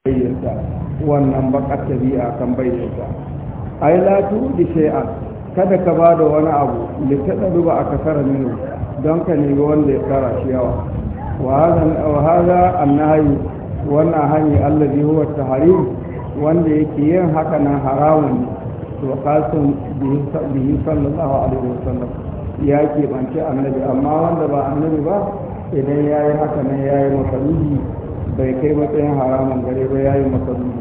bayyanta wannan bakar tabi'a kan bayyanta ai la di shay'an kada ka ba da wani abu da ta dabi ba aka fara minu don ka nemi wanda ya fara shi yawa wa hada annahi wannan hanyar allazi huwa tahrim wanda yake yin haka nan haramun ne to qasim bihi sallallahu alaihi wasallam ya ke banci annabi amma wanda ba annabi ba idan yayi haka nan yayi masaluhi bai kai matsayin haramun gare ba ya yayin masarufi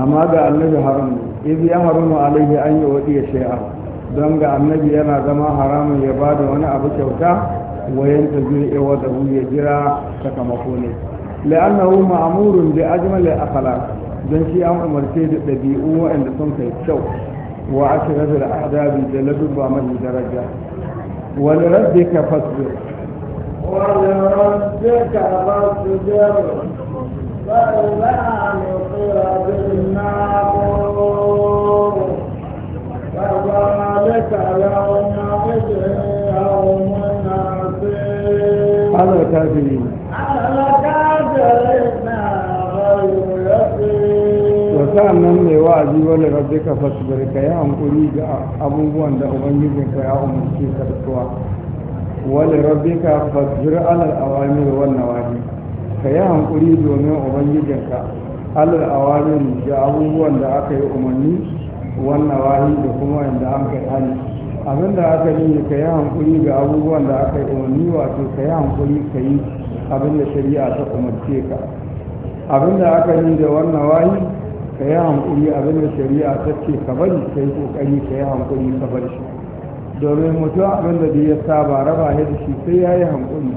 amma ga annabi haram izi ya haramu alaihi an yi waɗi ya shai'a don ga annabi yana zama haramun ya ba da wani abu kyauta wayan ta zai iya wata ya jira sakamako ne la'annahu ma'amurun da a akhlaq don shi an umarce da ɗabi'u waɗanda sun kai kyau wa ashrafu al-adabi da ladubba mai daraja Wani wa ka fasbir ولربك فاصبر فإذا نقر بالناقور فذلك يومئذ يوم عسير على الكافرين على الكافرين غير sa'annan mai wa'azi wani rabbi ka fasbir ka yi hankuri da abubuwan da ubangijinka ya umarci ka wani rabbika fasbir alal awami wan nawahi ka yi hankuri domin ubangijinka alal awami da abubuwan da aka yi umarni wan nawahi da kuma inda an kai hali abin da aka yi ka yi hankuri ga abubuwan da aka yi umarni wato ka yi hankuri ka yi abin da shari'a ta umarce ka abin da aka yi da wannan wani, ka yi hankuri abin da shari'a ta ce ka bari ka yi kokari ka yi hankuri ka bar shi domin mutum abin da ya saba raba ya da shi sai ya yi hankuli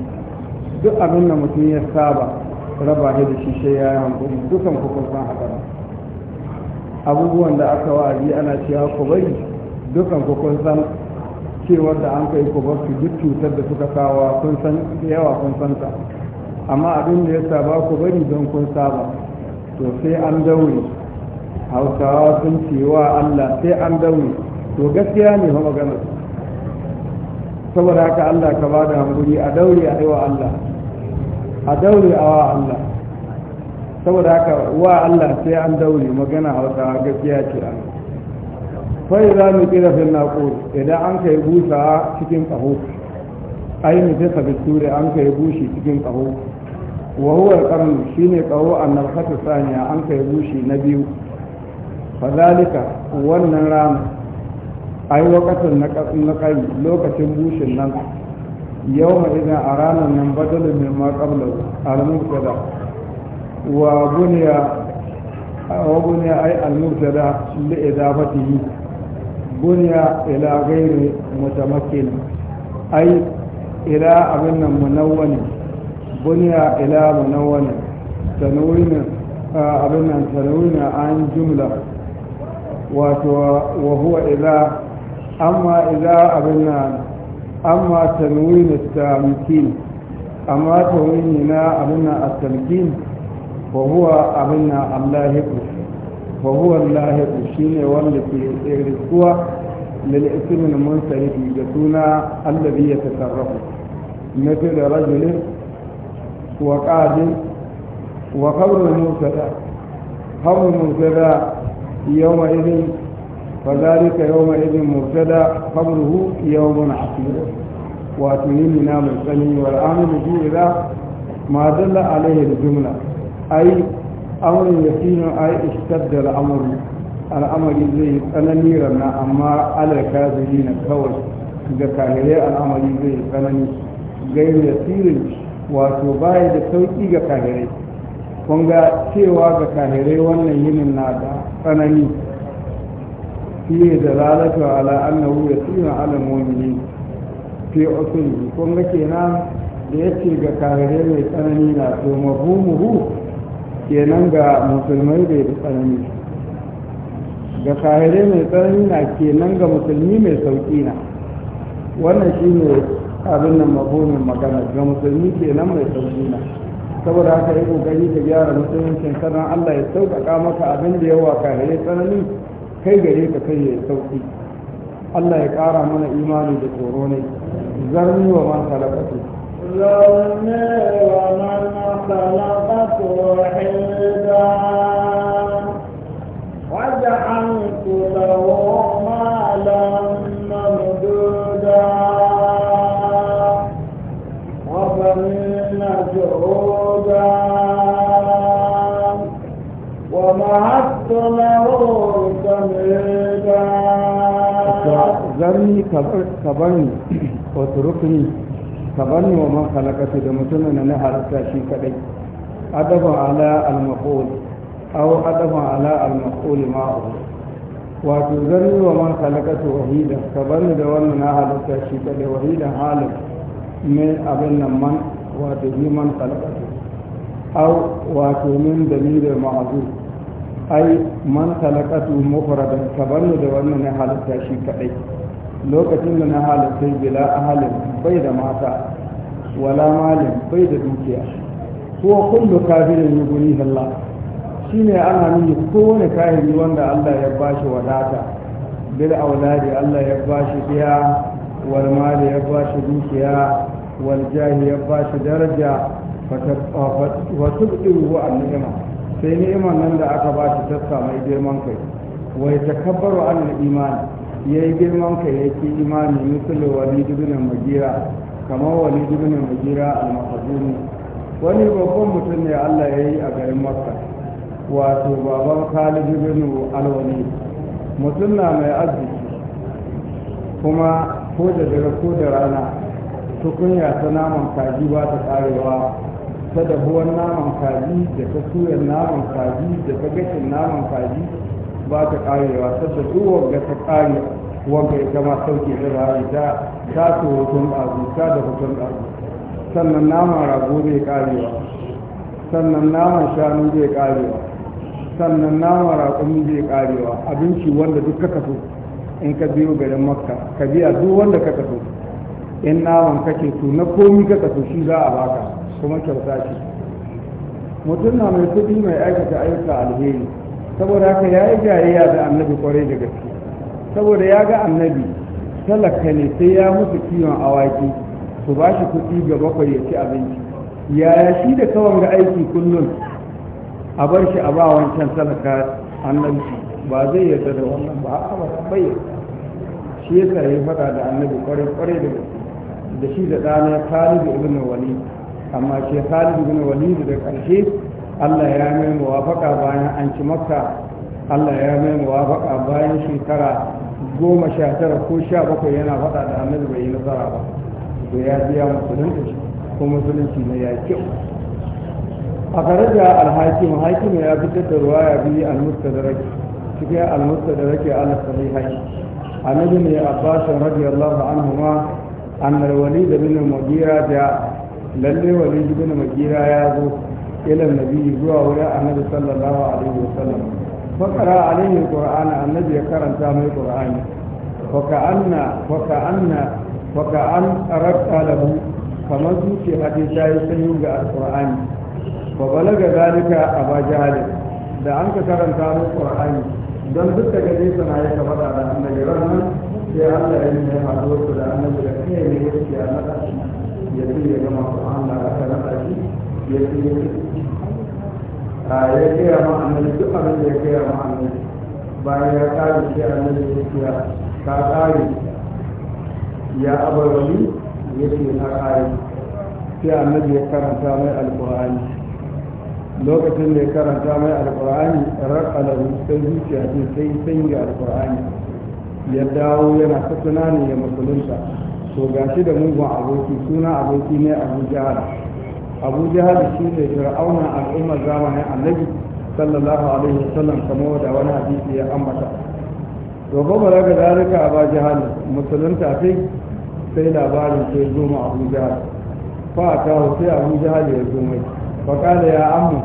duk abin da mutum ya saba raba ya da shi sai ya yi hankuli dukan kuka san haɗara abubuwan da aka wa'azi ana cewa ku bari dukan kuka san cewar da an kai ku bar su duk cutar da suka kawo kun san yawa kun san ta amma abin da ya saba ku bari don kun saba to sai an daure hausawa sun cewa allah sai an daure to gaskiya ne fa magana saboda haka Allah ka ba da hankuri a daure a wa Allah a daure a wa Allah saboda haka wa Allah sai an daure magana hausa gaskiya ce a fai za mu kira fil naqur idan an kai busa cikin tsaho. ai mu ta sabiture an kai bushi cikin tsaho. wa huwa al shine tsaho annal khatu saniya an kai bushi na biyu zalika wannan rana ai wakatun na kai lokacin bushin nan yau mai idan a ranar nan badal ne ma qabla al-mubtada wa buniya wa buniya ai al-mubtada li idafatihi buniya ila ghairi mutamakkin ai ila abin nan munawwani buniya ila munawwani tanwini abin nan tanwini an jumla wato wa huwa ila amma idan abin na amma tanwini tamkin amma tanwini na abin na at-tamkin wa huwa abin na allahiku wa huwa shi ne wanda ke ga suna مثل رجل وقاد وقبر المبتدا قبر المبتدا يومئذ فذلك يومئذ مبتدا خبره يوم عقيم واتممنا من سني والعامل به إذا ما دل عليه الجملة أي أمر يقين أي اشتد الأمر الأمر زي tsanani ranna amma alal kafirin kawai ga kafirai al'amari zai tsanani gairu wato baya da sauki ga kafirai kun ga cewa ga kafirai wannan yinin na da tsanani fiye da lalata ala annahu ya tsina ala mu'mini fi usuli kun ga kenan da yace ga kare mai tsanani na to mafhumuhu kenan ga musulmai bai da tsanani ga kare mai tsanani na kenan ga musulmi mai sauki na wannan shine abin nan mafhumin magana ga musulmi kenan mai sauki na saboda haka yi kokari ka gyara musuluncin sannan Allah ya sauƙaƙa maka abin da yawa kare tsanani kai gare ka kai ya sauki Allah ya kara mana imani da tsoro ne zarmi wa man salakatu zarni wa man salakatu hilda وجعلت له مالا ممدودا وبنين جعودا ومهدت له zarni ka bani wasu rukuni ka bani wa man halakatu da mutumin na halitta shi kadai adaban ala al-maqul aw adaban ala al-maqul ma'ahu wato zarni wa man tu wahida ka bani da wannan na halitta shi kadai wahida halin min abin nan man wato ni man halakatu aw wato min dalilin ma'azur ai man talakatu mufradan kabar da wannan ne halitta shi kadai lokacin da na halittai bila halin bai da mata wala malin bai da dukiya kuwa kullu kafirin ya guri Allah shi ne ana nuni kowane kahiri wanda Allah ya bashi wadata bil auladi Allah ya bashi biya wal mali ya bashi dukiya wal jahi ya bashi daraja wa tubdiru an ni'ima sai ni'iman nan da aka bashi ta mai girman kai wa yatakabbaru an imani ya yi girman ka ya ke imani misalin wani dubunan majira, kamar wani majira a almahazuni wani babban mutum ne allah ya yi a garin makka wato baban khalid ibn alwani mutum na mai arziki kuma ko da dare ko da rana tukunya ta naman kaji ba ta karewa ta dahuwar naman kaji da ta suyar naman kaji da ta gashin naman kaji ba ta karewa sadda duk ga ta kare wanda ya zama sauke da ra'ayi ta ta to hutun ɗazu ta da hoton ɗazu sannan naman rago zai karewa sannan naman shanu zai karewa sannan naman raƙumi zai karewa abinci wanda duk ka kaso in ka biyo garin makka ka biya duk wanda ka kaso in naman kake to na komi ka kaso shi za a baka kuma kyauta ce mutum na mai kuɗi mai aikata ayyuka alheri saboda haka ya yi jariya da annabi kwarai da gaske saboda ya ga annabi talaka ne sai ya musu kiwon awaki su ba shi kuɗi ga bakwai ya ci abinci yaya shi da kawai ga aiki kullum a bar shi a ba wancan talaka annabi ba zai yarda da wannan ba a ba bai shi ya ya faɗa da annabi kwarai kwarai da gaske da shi da ɗana Khalid ibn wani amma shi ya Khalid ibn wani da ƙarshe Allah ya mai muwafaka bayan an ci makka Allah ya mai muwafaka bayan shekara goma sha tara ko sha bakwai yana faɗa da annabi bai yi nasara ba to ya biya musulunci ko musulunci ne ya kyau a karaja alhakim hakim ya fitar da ruwaya biyu al-mustadrak cikin al-mustadrak al-sahihai عن ابن عباس رضي الله عنهما أن الوليد بن المغيرة جاء للي وليد بن ya zo. إلى النبي zuwa wurin annabi sallallahu alaihi wasallam fa qara alaihi alquran annabi ya karanta mai qur'ani فكأن ka'an qara'ta kamar zuci hadisi ya ga alqur'ani balaga zalika aba jahal da an ka karanta mu qur'ani don duk daga nesa na ya da annabi rahman sai Allah yi da annabi da kai ne yake a shi ya gama ku ya ce a ya gaya ma annabi duk abin da ya gaya ma annabi bayan ya kare shi annabi ya ce ka kare ya abarwani ya ce na kare sai annabi ya karanta mai Al'ƙurani. lokacin da ya karanta mai Al'ƙurani, alkur'ani rakalahu sai zuciya ce sai sanya Al'ƙurani. ya dawo yana ta tunani ya musulunta to gashi da mugun aboki suna aboki ne abu jihar abu jihar shi ne fir'aunan al'ummar zamanin annabi sallallahu alaihi wasallam kamo da wani hadisi ya ambata to ba bara ga dalika a jihar musulun sai sai labarin sai zo abu jihar fa ta sai abu jihar ya zo mai fa kala ya ammu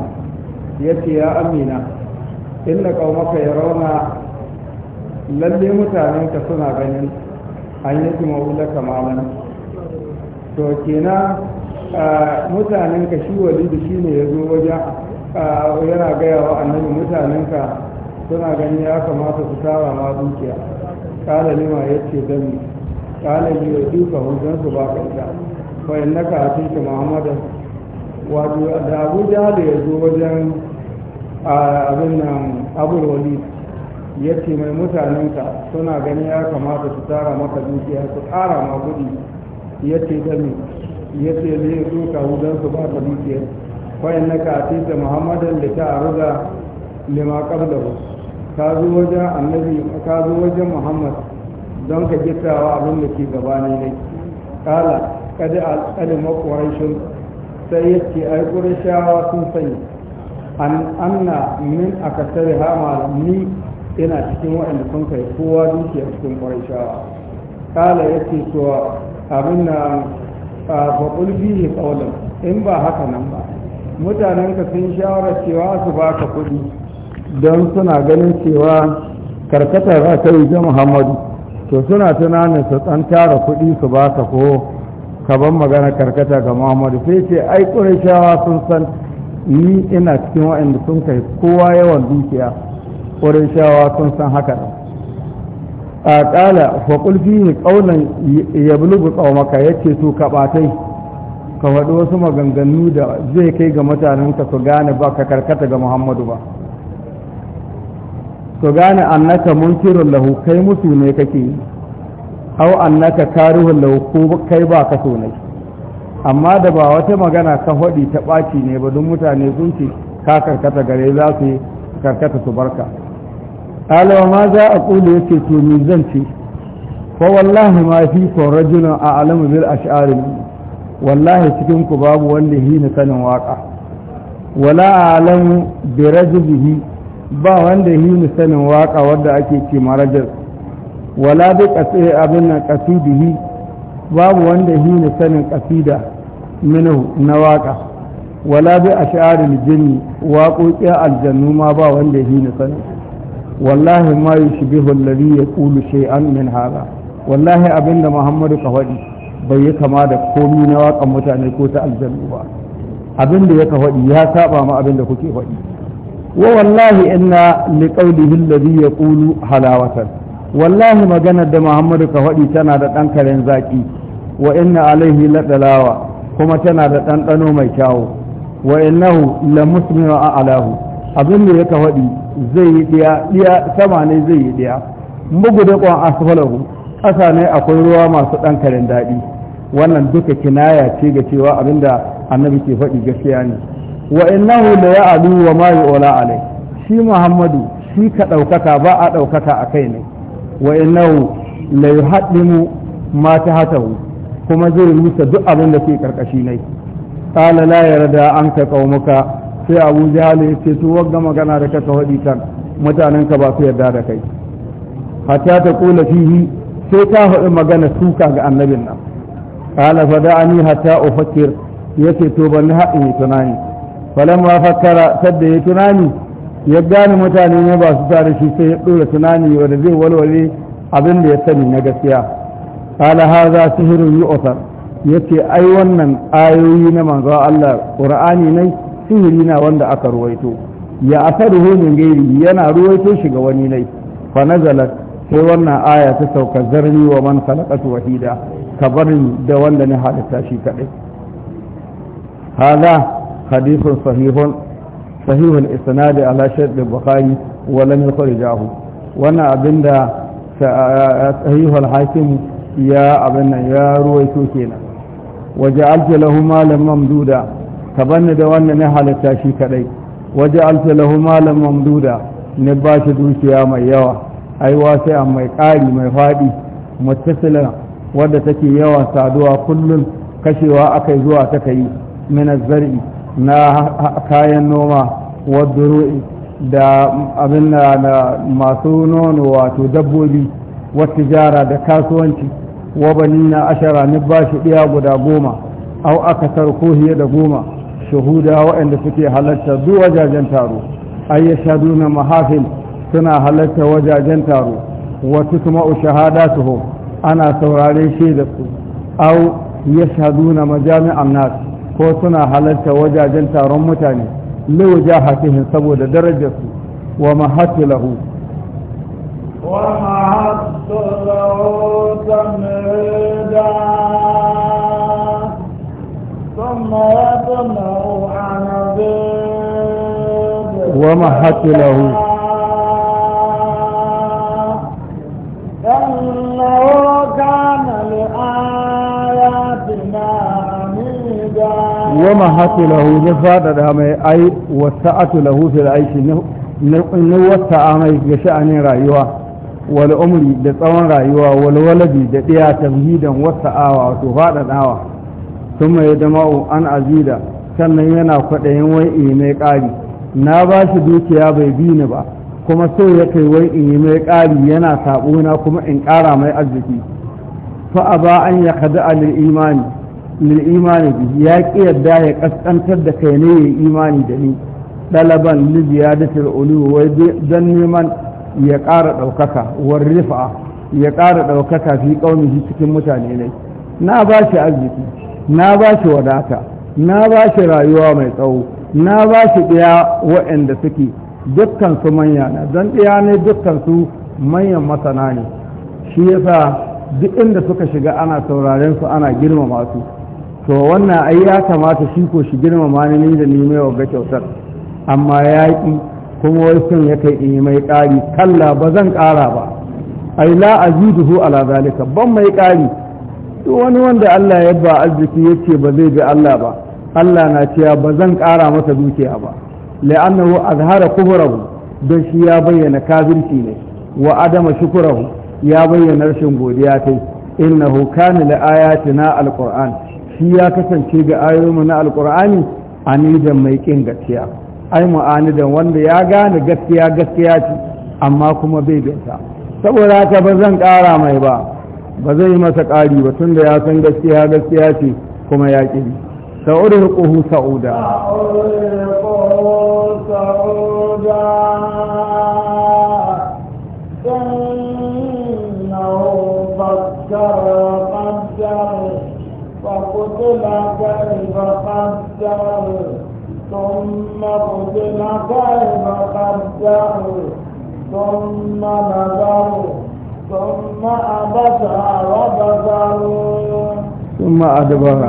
yace ya amina inna qaumaka yarawna lalle mutanenka suna ganin an yi jima'u da kamalan to kenan Mutanenka shi walidu shi ne ya zo wajen yana gaya wa annabi Mutanenka suna gani ya kamata su tara ma dukiya kala lima ya ce don ne kala yi wa duka hujjan su ba ka ita fa innaka atika muhammadan wato da abuja da ya zo wajen abin nan abul walid ya ce mai mutanenka suna gani ya kamata su tara maka dukiya su ƙara ma kuɗi ya ce da ya ce ne ya so kawo don su ba ta dukiya. kwayan na ka da muhammadan da ta arza lima ba ka zo wajen annabi ka zo wajen muhammad don ka gittawa abin da ke gaba ne kala kada al'alima makwarashin sai yake ai shawa sun sanya. an anna min akasari ha ni yana cikin wa'anda sun kai kowa dukiya cikin ƙwarishawa kala ya ce to abin na faƙul fihi ƙaunar in ba haka nan ba mutanenka sun shawarar cewa su baka kuɗi don suna ganin cewa karkata za ta yi muhammadu to suna tunanin su ɗan tara kuɗi su baka ko ka ban magana karkata ga muhammadu sai ce ai ƙurashawa sun san ni ina cikin waanda sun kai kowa yawan dukiya ƙurashawa sun san haka a ƙala faƙul fihi ƙaunan ya bulugu tsaumaka ya ce su kaɓatai ka faɗi wasu maganganu da zai kai ga mutanenka su gane ba ka karkata ga muhammadu ba su gane annaka munkirin lahu kai musu ne kake hau annaka karihun lahu ko kai ba ka so ne amma da ba wata magana ka faɗi ta ɓaci ne ba don mutane sun ce ka karkata gare za su karkata su barka قال وما ذا أقول يكي تلميذنتي فوالله ما فيكم رجل أعلم بالأشعار والله تكنك باب واللي هي واقع ولا أعلم برجبه ba wanda yi ni sanin waka wadda ake ce marajar wala bi kasiri abin nan kasidihi babu wanda yi ni sanin kasida minu na waka wala bi ash'aril jinni waƙoƙin aljannu ma ba wanda yi ni sanin wallahi ma yushbihu alladhi yaqulu shay'an min hada wallahi abinda muhammadu ka faɗi bai yi kama da komi na waƙan mutane ko ta ba abinda ya ka faɗi ya saba ma abinda kuke faɗi wa wallahi inna liqawlihi ya yaqulu halawatan wallahi maganar da muhammadu ka faɗi tana da ɗan karen zaƙi wa inna kuma tana da ɗanɗano mai kyawu wa innahu la a alahu abin da ya ka zai yi ɗiya ɗiya sama ne zai yi ɗiya mugu da ƙwan asfalahu ƙasa ne akwai ruwa masu ɗan karin daɗi wannan duka kinaya ce ga cewa abinda annabi ke faɗi gaskiya ne wa innahu la ya'lu wa ma yu'la alai shi muhammadu shi ka ɗaukaka ba a ɗaukaka a kai ne wa innahu la yuhaddimu ma tahatahu kuma zai rusa duk abin da ke karkashi ne qala la yarda anka qaumuka sai abu jihali ya ce to magana da ka faɗi kan mutanen ka ba su yarda da kai hatta ta kula fihi sai ta faɗi magana suka ga annabin nan qala fa da'ani hatta ya yace to ban haɗin tunani ma fakkara sadda ya tunani ya gane mutane ne ba su tare shi sai ya ɗora tunani wanda zai walwale abin da ya sani na gaskiya kala haza hirin yi ya ce ai wannan ayoyi na manzo Allah ƙura'ani ne sihiri na wanda aka ruwaito ya asaruhu min gairi yana ruwaito shi ga wani lai fa nazalat sai wannan aya ta sauka zarni wa man khalaqatu wahida kabarin da wanda ne halitta shi kadai hada hadithun sahihun sahihul isnad ala shaykh al-bukhari wa lam yukhrijahu wannan abinda eh, sahihul hakim ya abinda ya ruwaito kenan waje alke lahu malam mamduda ka da wannan na halitta shi kadai waje altalahu lahu malam mamduda ne ba shi dukiya mai yawa ai sai an mai ƙari mai faɗi mutasila wadda take yawa saduwa kullum kashewa aka zuwa ta kai min zari na kayan noma wadduru'i da abin na masu nono wato dabbobi wata jara da kasuwanci wa na ashara ne ba shi guda goma au aka tarko da goma shahuda waɗanda suke halarta duk wajajen taro ay shaduna mahafil suna halarta wajajen taro wa shahada shahadatuhum ana saurare shi da su aw yashaduna majami nas ko suna halarta wajajen taron mutane liwajahatihim saboda darajarsu wa mahattu lahu ومعت له ثم يطمع عن زيد ومهدت له إنه كان لآياتنا عميدا ومهدت له زفاد دامي أي وسعت له في العيش إنه وسع مي بشأن رأيوه wal umri da tsawon rayuwa wal waladi وتفاد ɗaya sun mai dama'u an azida sannan yana kwaɗayin wai in yi mai ƙari na bashi dukiya bai bi ni ba kuma so ya kai wai in yi mai ƙari yana saɓona kuma in ƙara mai arziki fa a ba an ya kada a lil'imani lil'imani ya ƙi yadda ya ƙasƙantar da kai ne ya yi imani da ni ɗalaban libiya da ulu wai don neman ya ƙara ɗaukaka war rifa ya ƙara ɗaukaka fi ƙaunihi cikin mutane ne na bashi shi arziki na ba shi wadata na ba shi rayuwa mai tsawo na ba shi ɗaya waɗanda suke dukkan su manya na don ɗaya ne dukkan su manyan masana ne shi yasa duk inda suka shiga ana sauraren su ana girmama su to wannan ai ya kamata shi ko shi girmama ni da ni mai wa kyautar amma yaƙi kuma wai sun ya kai in mai ƙari kalla ba zan ƙara ba ai la aziduhu ala zalika ban mai ƙari wani wanda Allah ya ba arziki ce ba zai bi Allah ba Allah na cewa ba zan ƙara masa dukiya ba la'annahu azhara kufrahu don shi ya bayyana kafirci ne wa adama shukurahu ya bayyana rashin godiya ta innahu kana ayati na alquran shi ya kasance ga ayoyi na alqur'ani anidan mai kin gaskiya ai mu'anidan wanda ya gane gaskiya gaskiya ce amma kuma bai ta saboda haka ba zan ƙara mai ba ba zai masa ƙari ba tun da ya san gaskiya gaskiya ce kuma ya ƙi sa'uri hukuhu sa'uda ثم قتل كيف قدر ثم نظر ثم عبس وبصر ثم أدبر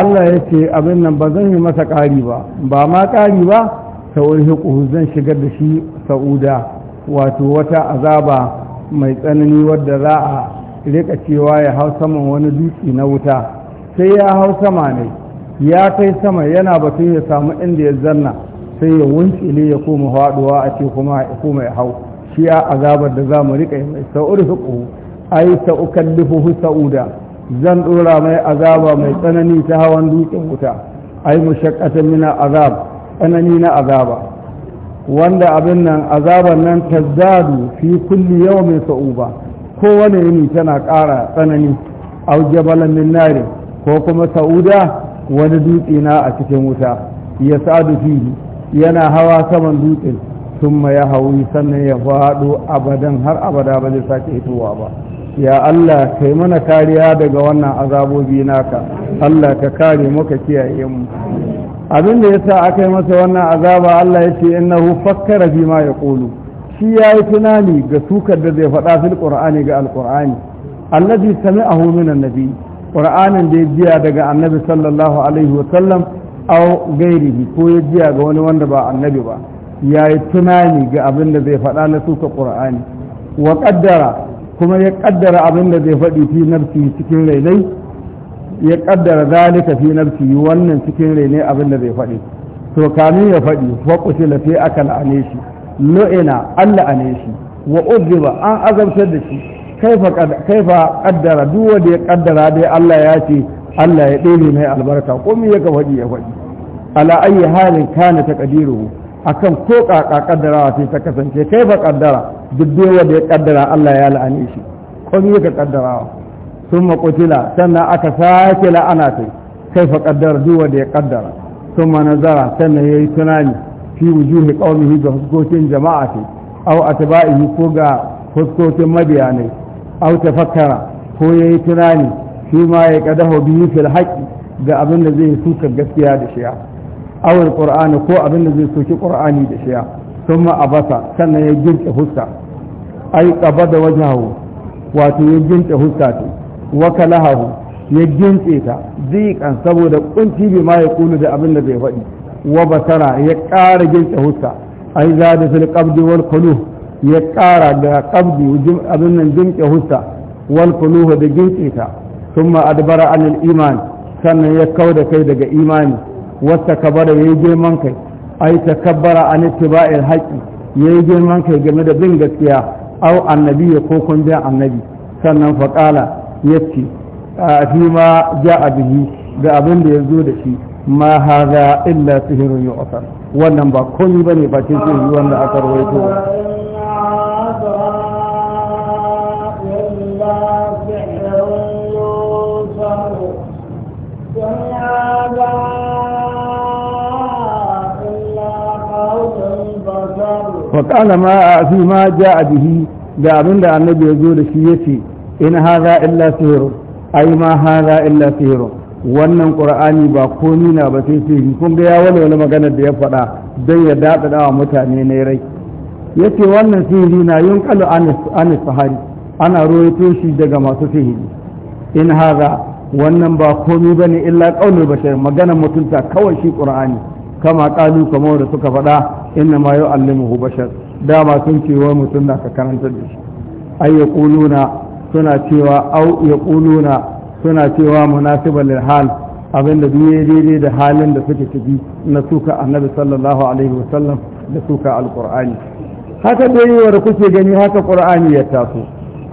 Allah ya ce abin nan ba zan yi masa ƙari ba ba ma ƙari ba saurin hukuhu zan shigar da shi sa'uda wato wata azaba mai tsanani wadda za a rika cewa ya hau saman wani dutse na wuta sai ya hau sama ne ya kai sama yana batun ya samu inda ya zanna sai ya ne ya koma haɗuwa a ce kuma ya hau shi azabar da za mu riƙa yi mai sa'ur hukuku ai sa'ukallifuhu sa'uda zan ɗora mai azaba mai tsanani ta hawan dutsen wuta ai mushaqqatan min azab tsanani na azaba wanda abin nan azabar nan tazzadu fi kulli yawmin sa'uba kowane yini tana ƙara tsanani au jabalan min ko kuma sa'uda wani dutse na a cikin wuta ya sa'adu fihi yana hawa saman dutsen Tumma ya hawi sannan ya faɗo abadan har abada ba zai sake hitowa ba ya Allah kai mana kariya daga wannan azabobi naka Allah ka kare mu ka kiyaye mu abin da yasa aka yi masa wannan azaba Allah ya ce innahu fakkara fi ma yaqulu shi yayi tunani ga sukar da zai faɗa fil qur'ani ga alqur'ani allazi sami'ahu min annabi qur'anin da ya jiya daga annabi sallallahu alaihi wa sallam aw gairihi ko ya jiya ga wani wanda ba annabi ba ya yi tunani ga abin da zai faɗa na suka ƙur'ani wa ƙaddara kuma ya ƙaddara abin da zai faɗi fi cikin rainai ya ƙaddara zalika fi nafsi wannan cikin rainai abin da zai faɗi to kamin ya faɗi faƙusi lafi aka la'ane shi lo'ina an la'ane shi wa uzziba an azabtar da shi kaifa ƙaddara duk wanda ya ƙaddara dai Allah ya ce Allah ya ɗebe mai albarka ko me ya ka faɗi ya faɗi ala ayi halin kana taqdiruhu akan ko kaka kaddara sai ta kasance kai ba kaddara duk dai wanda ya kaddara Allah ya la'ani shi komai ka wa sun makotila sannan aka sake la'ana ta kai fa kaddara duk wanda ya kaddara sun nazara sannan ya yi tunani fi wujuhi qaumihi ga huskokin jama'a au aw atba'ihi ko ga huskokin mabiya ne ta fakara ko yayi tunani shi ma ya kadahu biyu fil haqqi ga abin da zai suka gaskiya da shi'a awar qur'ani ko abin da zai soki qur'ani da shiya sun ma abasa sannan ya gince huska ai kaba da wajahu wato ya gince huska ta wakalahu ya gince ta zikan saboda kunci bi ma ya kulu da abin da bai faɗi wa basara ya ƙara gince huska ai za da fil qabdi wal qulu ya ƙara da qabdi abin nan gince huska wal qulu da gince ta sun ma adbara anil iman sannan ya kauda kai daga imani wata kabara ya yi girman kai ai ta kabbara a nittiba'il haƙi ya yi girman kai game da bin gaskiya au annabi ya ko kun bin annabi sannan faƙala ya ce a fi ma ja a bihi ga abin da ya zo da shi ma haza illa sihirin yu'asar wannan ba komai ba ce sihiri wanda aka rawaito wa qala ma fi a bihi da abinda da annabi ya zo da shi yace in haza illa sihr ai ma wannan qur'ani ba komi na ba sai sihiri kun ga ya wani maganar da ya faɗa don ya da wa mutane ne rai yace wannan sihiri na yunqalu Anis sahari ana royato shi daga masu sihiri in haza wannan ba komi bane illa qaulul bashar maganar mutunta kawai shi qur'ani kama kalu kamar da suka faɗa inna ma allimu bashar dama sun cewa mutum na ka karanta da shi suna cewa au yaquluna suna cewa munasiban lil abinda daidai da halin da suke tafi na suka annabi sallallahu alaihi wasallam da suka alqur'ani haka dai kuke gani haka qur'ani ya taso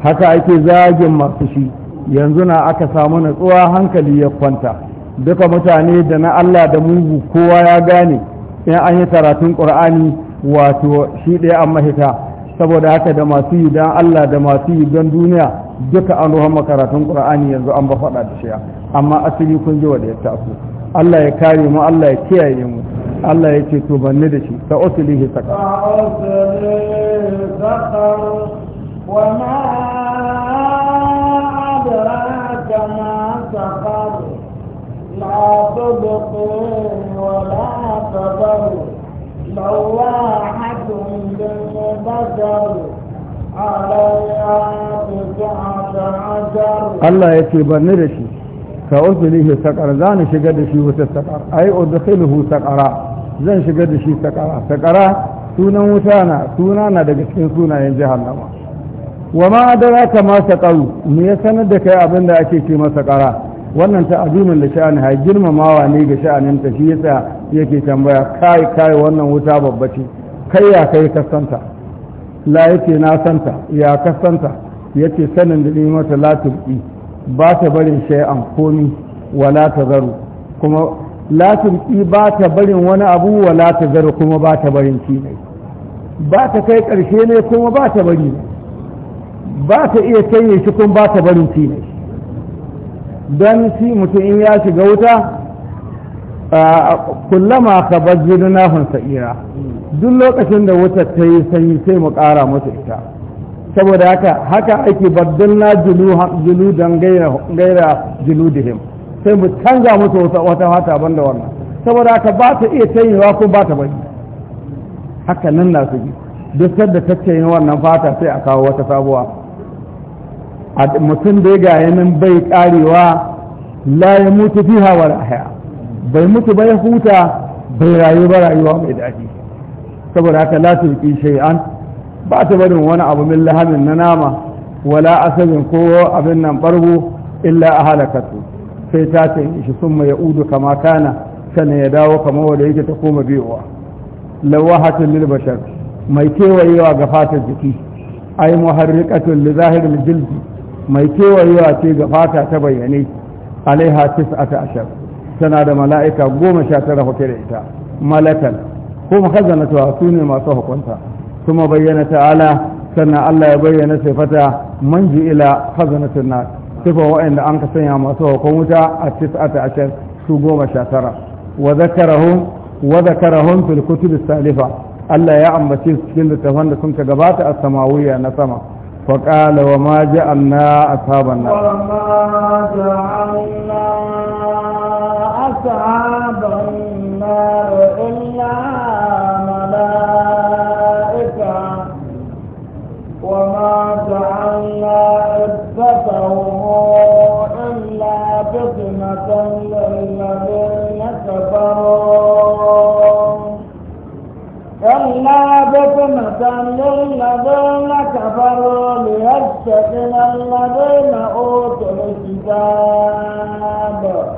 haka ake zagin masu shi yanzu na aka samu natsuwa hankali ya kwanta duka mutane da na Allah da mugu kowa ya gane in an yi karatun ƙur'ani wato shi ɗaya an mahita saboda haka da masu yi don Allah da masu yi don duniya duka an ruhan makaratun ƙur'ani yanzu an ba faɗa da shiya amma asali kun ji wanda ya taso Allah ya kare mu Allah ya kiyaye mu Allah ya ce to banne da shi ta usulihi saka وما البشر لواحة للبشر Allah ya ce الله da shi, ka usulihi sakar za ni shiga da shi wuta sakar ai udkhiluhu sakara zan shiga da shi sakara sakara sunan wuta na suna na daga cikin sunayen nama wa ma'adara adraka ma sakaru mu ya sanar da kai abin da ake ce masa sakara wannan ta azumin da sha'ani ha girmamawa ne ga sha'anin ta shi yasa yake tambaya kai kai wannan wuta babba ce kai ya kai kasanta la yake na santa ya kasanta yake sanin da ni mata la tubi ba ta barin shay'an komi wala ta zaru kuma la tubi ba ta barin wani abu wala zaru kuma ba ta barin shi ne ba ta kai karshe ne kuma ba ta bari ba ta iya kai shi kuma ba ta barin shi ne don shi mutum in ya shiga wuta kullama ka na nahun sa'ira duk lokacin da wutar ta yi sanyi sai mu ƙara musu ita saboda haka haka ake babban na julu don gaira da him sai mu canza musu wata wata ban da wannan saboda haka ba ta iya wa ko ba ta bai haka nan na su duk sadda ta wannan fata sai a kawo wata sabuwa mutum da ya gaya nan bai karewa la ya mutu fiha wal haya bai mutu bai huta bai rayu ba rayuwa mai daɗi saboda haka la tuqi shay'an ba ta barin wani abu min lahamin na nama wala asabin ko abin nan barbu illa a halakatu sai ta ce shi sun mai ya'udu kama kana sannan ya dawo kama wanda yake ta koma biyowa lawahatun lil bashar mai kewayewa ga fatar jiki ai muharriqatun li zahiril jildi mai kewayewa ce ga fata ta bayyane alaiha tis'ata ashar tana da mala'ika goma sha tara da ita malakan kuma hazanatawa su ne masu hukunta kuma bayyana ta'ala sannan Allah ya bayyana sifata ji ila hazanatun nas sifa wa'anda an ka sanya masu hukun wuta a tis'ata ashar su goma sha tara wa zakarahum wa zakarahum fil salifa Allah ya ambace su cikin littafan da sun ka gabata a samawiya na sama فقال وما جعلنا أصحاب النار وما جعلنا أصحاب النار إلا ملائكة وما جعلنا عدتهم إلا فتنة للذين كفروا إلا بكم فتنة الذين كفروا ليستقن الذين أوتوا الكتاب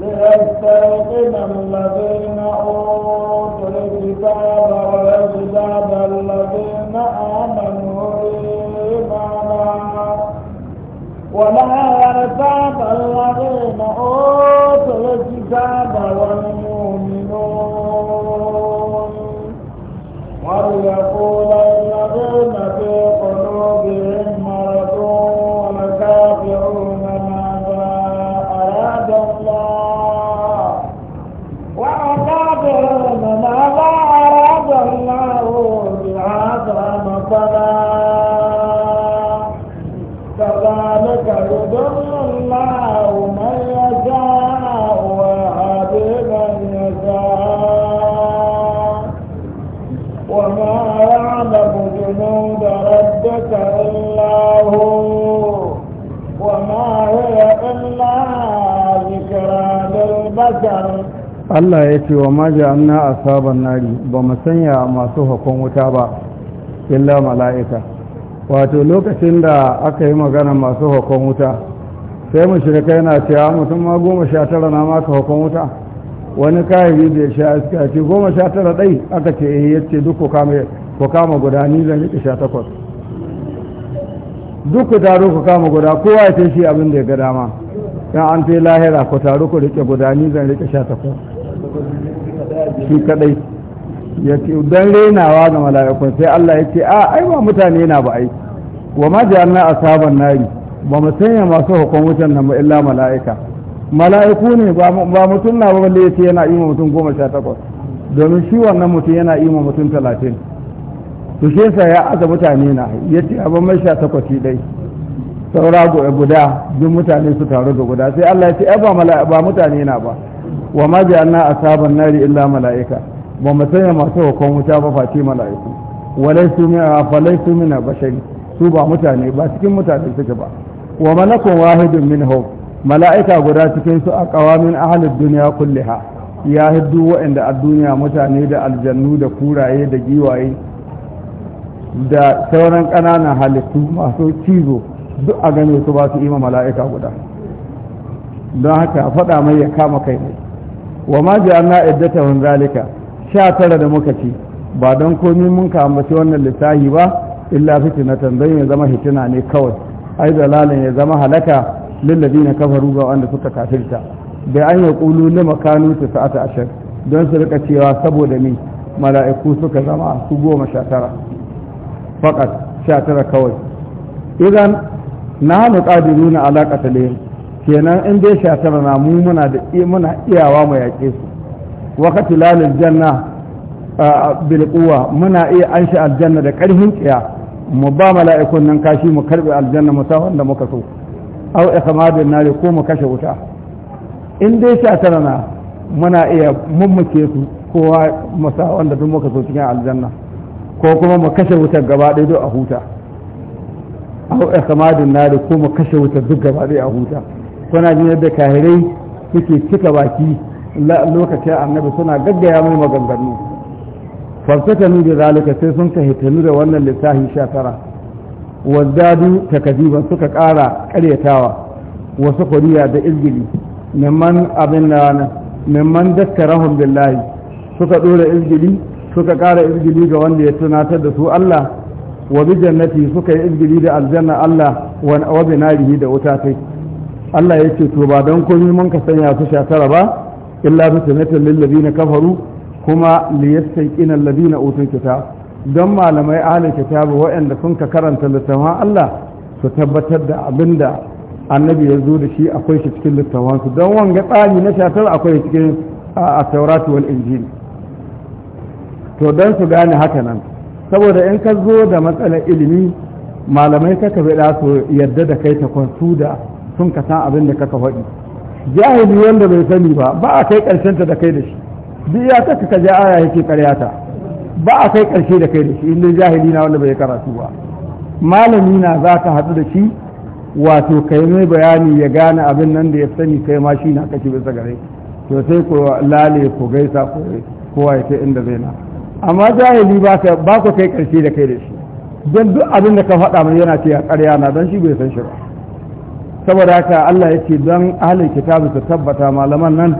ليستيقن الذين أوتوا الكتاب ويزداد الذين آمنوا إيمانا ولا يرتاب الذين أوتوا الكتاب Allah ya ce wa maji anna a sabon nari ba mu sanya masu hakon wuta ba illa mala'ika wato lokacin da aka yi magana masu hakon wuta sai mu shirka yana cewa mutum ma goma sha tara na maka hakon wuta wani kahiri da ya sha iska ce goma sha tara ɗai aka ce eh ya ce duk ku kama guda ni zan riƙe sha takwas duk ku taro ku kama guda kowa ya ce shi abin da ya ga dama dan an fi lahira ku taro ku riƙe guda ni zan riƙe sha takwas shi kadai ya ce don renawa ga mala'ikun sai Allah ya ce a ai ba mutane na ba ai wa ma ja'alna asaban nari ba mu sanya masu hukun wutan nan ba illa mala'ika mala'iku ne ba mutum na ba balle ya ce yana ima mutum goma sha takwas domin shi wannan mutum yana ima mutum talatin su shi sa ya aza mutane na ya ce abin mai sha takwas shi dai saura guda duk mutane su taru da guda sai Allah ya ce ba mutane na ba wa ma ja'alna asaban nari illa mala'ika ba mu sanya masu hukun wuta ba face mala'iku walaisu min falaisu min bashari su ba mutane ba cikin mutane suke ba wa malakun wahidun minhum mala'ika guda cikin su a qawamin ahli dunya kulliha ya hiddu wa'anda a duniya mutane da aljannu da kuraye da giwaye da sauran ƙanana halittu masu cizo duk a gane su ba su ima mala'ika guda don haka faɗa mai ya kama kai ne wa ma ja'alna iddatahum zalika sha tara da muka ci ba don komi mun ka ambaci wannan littafi ba illa fitnatan dan ya zama hitina ne kawai ai dalalan ya zama halaka na kafaru ga wanda suka kafirta da an ya qulu makanu ta sa'ata ashar don su rika cewa saboda ni mala'iku suka zama su goma sha tara faqat kawai idan na hannu ƙadiru na alaƙa ta kenan in dai shatara na mu muna da muna iyawa mu yaƙe su wakati lalil janna bil quwa muna iya anshi aljanna da ƙarfin tsiya mu ba mala'ikun nan kashi mu karbi aljanna mu sa wanda muka so aw ikhmadin nar ko mu kashe wuta in dai shatara na muna iya mummuke su kowa mu sa wanda duk muka so cikin aljanna ko kuma mu kashe wuta gaba ɗaya a huta aw ikhmadin nar ko mu kashe wuta duk gaba ɗaya a huta kuna jin yadda kahirai suke cika baki lokacin annabi suna gaggaya mai maganganu falsatanu da zalika sai sun kahitanu da wannan lissafi sha tara wazdadu takadiban suka ƙara ƙaryatawa wasu kuriya da izgili mimman abin da mimman dakkarahum billahi suka ɗora izgili suka ƙara izgili ga wanda ya tunatar da su Allah wa bi jannati suka yi izgili da aljanna Allah wa bi narihi da wuta sai. Allah ya ce to ba don komai mun ka sanya su sha ba illa bi sunnatin lil ladina kafaru kuma li yastaqina alladina utul kitab don malamai ahli kitabu waɗanda sun ka karanta littafin Allah su tabbatar da abinda annabi ya zo da shi akwai shi cikin littafin su don wanga tsari na sha tara akwai cikin a taurat wal injil to don su gane haka nan saboda in ka zo da matsalar ilimi malamai ka bai da su yarda da kai ta kwansu da sun ka san abin da kaka faɗi jahili wanda bai sani ba ba a kai ƙarshen ta da kai da shi duk ya ta ka ja aya yake karyata ba a kai ƙarshe da kai da shi inda jahili na wanda bai karatu ba malami na za ka haɗu da shi wato kai mai bayani ya gane abin nan da ya sani kai ma shi na kashi bisa gare to sai ku lale ko gaisa ko kowa ya inda zai na amma jahili ba ka kai ƙarshe da kai da shi don duk abin da ka faɗa mai yana ce a ƙarya na don shi bai san shi ba saboda haka Allah ya ce don ahalin kitabu su tabbata malaman nan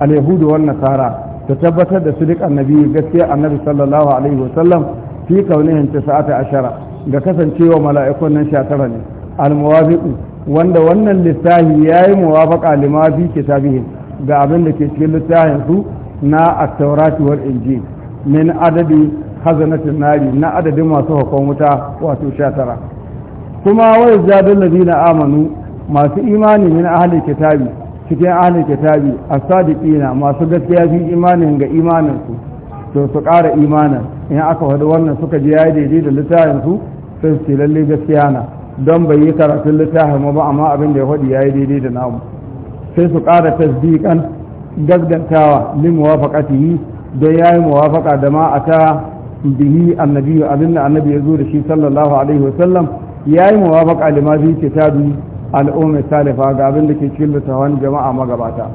alyahudu wani nasara su tabbatar da su duk annabi gaskiya annabi sallallahu alaihi wasallam fi kaunihin sa'ata ashara ga kasancewa mala'ikun nan sha tara ne almuwafiqu wanda wannan lissafi yayi muwafaqa lima fi kitabihim ga abin da ke cikin littafin su na at-taurati wal injil min adadi hazanatin nari na adadin masu hukun wuta wato sha tara kuma wai zadin ladina amanu masu imani min ahalin kitabi cikin ahalin kitabi a sadiƙina masu gaskiya fi imanin ga imaninsu to su ƙara imanin in aka faɗi wannan suka ji yayi daidai da littafinsu sai su lalle gaskiya na don bai yi karatun littafin ba amma abin da ya faɗi yayi daidai da namu sai su ƙara tasdiƙan gaskantawa li muwafaqatihi don yayi muwafaqa da ma ata bihi annabi abinda da annabi ya zo da shi sallallahu alaihi wasallam yayi muwafaqa lima fi kitabi al'umma salifa ga abin da ke cikin littafan jama'a magabata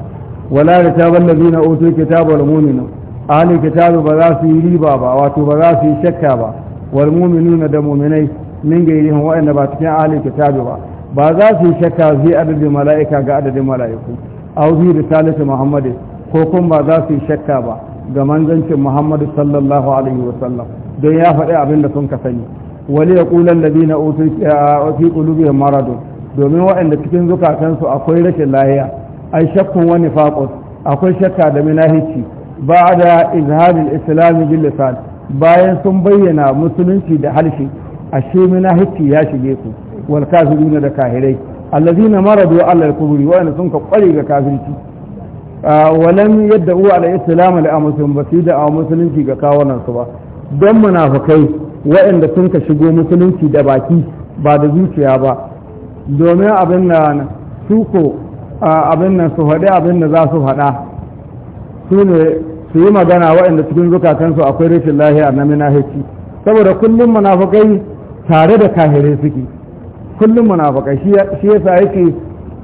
wala da tabar da zina otu kitabar muminu ahalin kitabu ba za su yi riba ba wato ba za su yi shakka ba wal muminu da muminai min gairihin waɗanda ba cikin ahalin kitabu ba ba za su yi shakka zai adadin mala'ika ga adadin mala'iku au zai da salisu muhammadu ko kuma ba za su yi shakka ba ga manzancin muhammadu sallallahu alaihi wa sallam don ya faɗi abin da sun ka sani wali ya ƙulan da zina otu eh, fi ƙulubiyar maradon domin waɗanda cikin zukatansu akwai rashin lahiya ai shakkun wani faƙon akwai shakka da minahici ba da izharin islami bin lisan bayan sun bayyana musulunci da harshe ashe minahici ya shige ku wal kafiruna da kahirai allazina maradu ala al-kubri wa sun ka kware ga kafirci walam yadda uwa ala islam da amsun ba su da musulunci ga kawunan su ba don munafukai waɗanda sun ka shigo musulunci da baki ba da zuciya ba domin abin da su abin nan su faɗi abin da za su faɗa su ne su yi magana waɗanda cikin zukatansu akwai rashin lahiya na minahici saboda kullum munafukai tare da kahirai suke kullum munafukai shi sa yake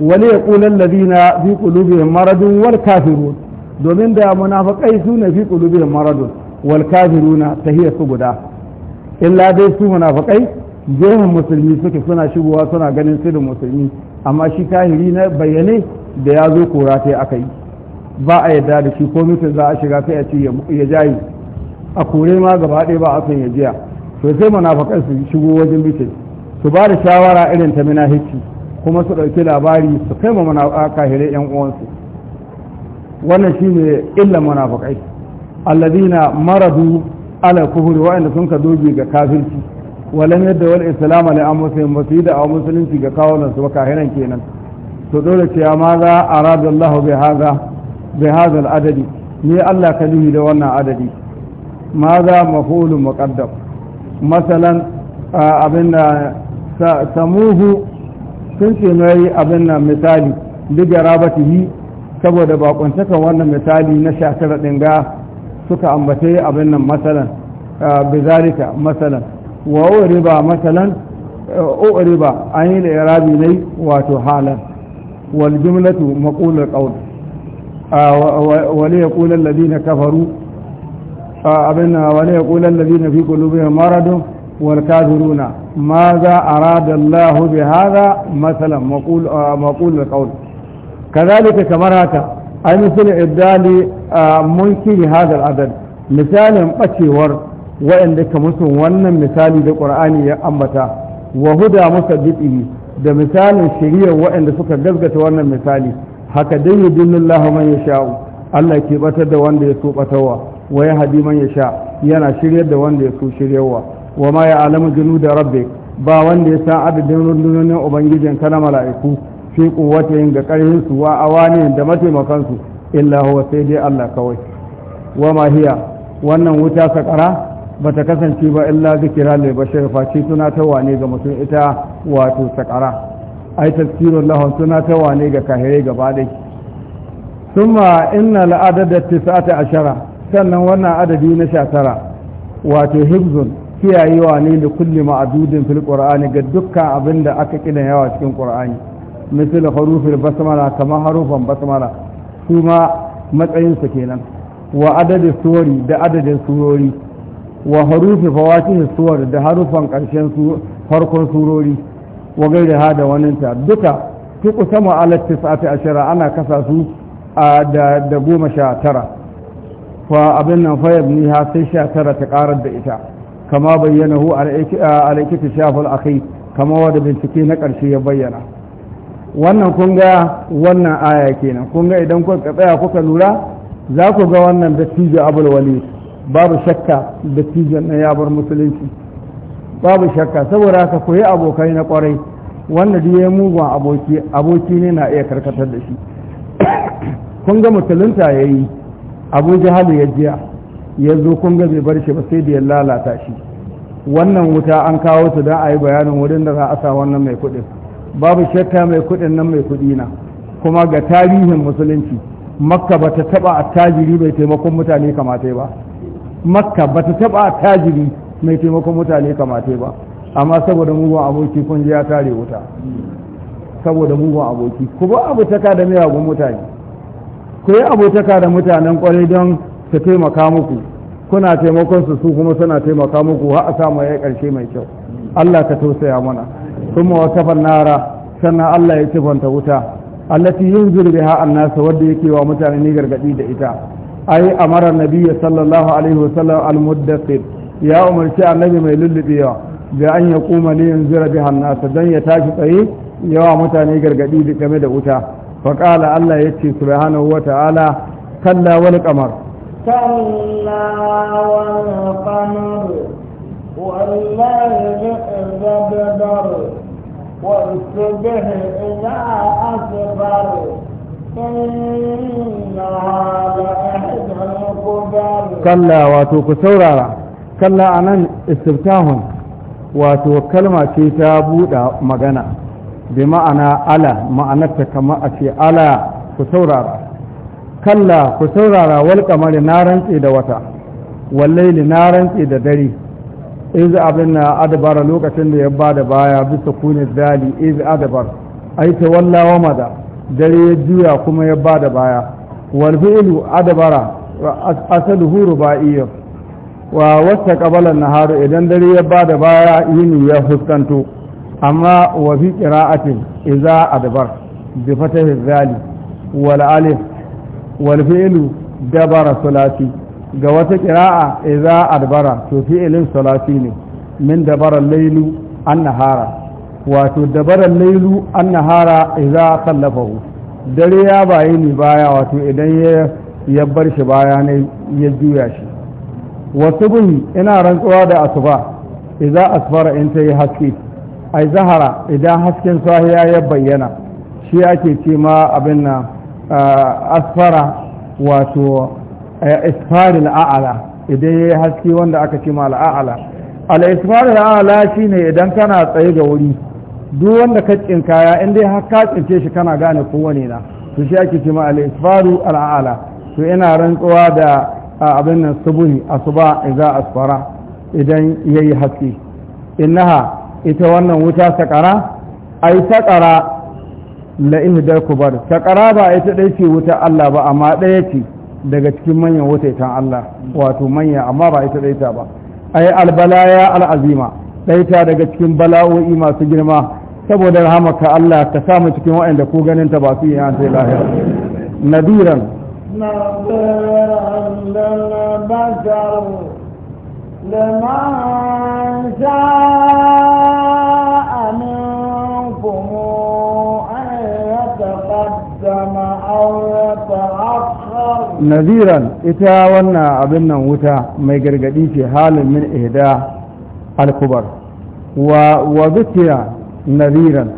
wani ya ƙulan ladina fi ƙulubihim maradun wal kafirun domin da munafukai su ne fi ƙulubihim maradun wal kafiruna hiyar su guda illa dai su munafukai gehen musulmi suke suna shigowa suna ganin sirrin musulmi amma shi kahiri na bayyane da ya zo kora ta aka yi ba a yadda da shi ko mutum za a shiga sai a ce ya jayi a kore ma gaba ɗaya ba a san ya jiya to sai munafakan su shigo wajen mutum su ba da shawara irin ta mina minahici kuma su ɗauki labari su kai ma munafakan kahire yan uwansu wannan shine illan munafakai alladina maradu ala kuhuri wa'anda sun ka doge ga kafirci walam yadda wal islam ala amsihim ba su yi da musulunci ga kawunan su ba kahinan kenan to dole ce ya ma za arada Allah bi hadha bi hadha al adadi ni Allah ka nuhi da wannan adadi ma za mafulu muqaddam masalan abin da samuhu sun ce mai abin nan misali ligarabatihi saboda bakuntakan wannan misali na shakar ɗin ga suka ambace abin nan masalan bizalika masalan wa uriba eh, uriba an yi da irabi ne wato halar wal jumlatu maqulul qawl ah, wale yaqulu alladhina kafaru ah, abin wale yaqulu alladhina fi qulubihim maradun wal kafiruna za a الله بهذا مثلا مقول آه مقول القول كذلك كما رأت أي مثل إبدال آه منكر هذا العدد misalin أتشور wa'anda ka musu wannan misali da qur'ani ya ambata wa huda musaddiqihi da misalin shari'a wa'anda suka gazgata wannan misali haka dai yudillillahu man yasha Allah ke batar da wanda ya so batarwa wa ya hadi man yasha yana shiryar da wanda ya so shiryarwa wa ma ya'lamu da rabbik ba wanda ya san adadin rundunonin ubangijin kana mala'iku fi yin ga karhin su wa awani da mataimakan su illa huwa sai dai Allah kawai wa ma hiya wannan wuta sakara ba ta kasance ba illa zikira lil bashar face tunatarwa ne ga mutum ita wato sakara ai tazkirun lahum tunatarwa ne ga kahirai gaba dai thumma inna al'adada tis'ata ashara sannan wannan adadi na sha tara wato hibzun kiyayewa ne da kulle ma'adudin fil qur'ani ga dukkan abin da aka kina yawa cikin qur'ani misal harufin basmala kamar harufan basmala su ma matsayinsa kenan wa adadin da adadin surori wa harufi fawatihi suwar da harufan karshen su farkon surori wa gairaha da ta. duka ki sama ala tis'ati ashara ana kasa su da da goma sha tara fa abin nan fa yabni ha sai sha tara ta karar da ita kama bayyana hu alaikita shafin akhi kama wada bincike na ƙarshe ya bayyana wannan kun ga wannan aya kenan kun ga idan kuka tsaya kuka lura za ku ga wannan dattijo abul walid babu shakka da tijan na yabar musulunci babu shakka saboda haka koyi abokai na kwarai wanda duk ya mugun aboki aboki ne na iya karkatar da shi kun ga musulunta ya yi abu jahalu ya jiya ya zo kun ga bai bar shi ba sai da ya lalata shi wannan wuta an kawo su don a yi bayanin wurin da za a sa wannan mai kuɗin babu shakka mai kuɗin nan mai kuɗi na kuma ga tarihin musulunci makka ba ta taɓa attajiri bai taimakon mutane kamata ba makka ba ta taɓa tajiri mai taimakon mutane kamate ba amma saboda mugun aboki kun ji ya tare wuta saboda mugun aboki ku ba abotaka da miyagun mutane ku yi abotaka da mutanen kwarai don su taimaka muku kuna taimakon su su kuma suna taimaka muku har a samu ya karshe mai kyau Allah ka tausaya mana kuma wa kafan nara sannan Allah ya tifanta wuta allati yunzir biha annas wadda yake wa mutane ni gargadi da ita أي أمر النبي صلى الله عليه وسلم المدقب يا أمر شاء النبي من للبيع بأن يقوم لينزل بها الناس دنيا تاشقه يوى متانيقر قديد كمدة أتا فقال الله يتشي سبحانه وتعالى كلا ولك أمر كلا والقمر والليل إذا بدر والسبه إذا أصبر kalla wato ku saurara kalla a nan istiftahun wato kalma ce ta buɗa magana bi ma'ana ala ma'anarta kama a ce ala ku saurara kalla ku saurara wal kamari na rantse da wata wallaili na rantse da dare iz abin na adabara lokacin da ya bada baya bisa kunin zali iz adabar aita ta wallawa mada dare ya juya kuma ya ba da baya wal fi'lu adbara asaluhu ruba'iyya wa wasta qabala na nahar idan dare ya ba da baya yini ya fuskanto amma wa fi qira'atin idza adbar bi fatahi zali wal alif wal fi'lu dabara salati ga wata qira'a idza adbara to fi'lin salati ne min dabara laylu an-nahara wato dabarar lailu an nahara idza sallafahu dare ya baye ni baya wato idan ya ya bar shi baya ne ya juya shi wasu buhi ina rantsuwa da asuba idza asfara in ta yi haske ai zahara idan hasken sahiya ya bayyana shi ake ce ma abin nan asfara wato isfaril a'ala idan ya yi haske wanda aka ce ma al al'isfaril a'ala shine idan kana tsaye ga wuri duk wanda ka tsinkaya in dai har ka tsince shi kana gane kowane na to shi ake cewa al-isfaru al-a'la to ina rantsuwa da abin nan subuhi asuba idza asfara idan yayi haske innaha ita wannan wuta sakara ai sakara la ihdar kubar sakara ba ita dai ce wuta Allah ba amma daya ce daga cikin manyan wutaitan Allah wato manya amma ba ita dai ta ba ai albalaya al'azima daita daga cikin bala'o'i masu girma saboda rahamaka Allah ka sa mu cikin waɗanda ko ganin ta ba su yi an sai lahira nadiran لمن شاء منكم أن يتقدم أو يتأخر نذيرا إتا ونا أبنا وتا ما يقرقدي في حال من إهداء الكبر وذكر naziran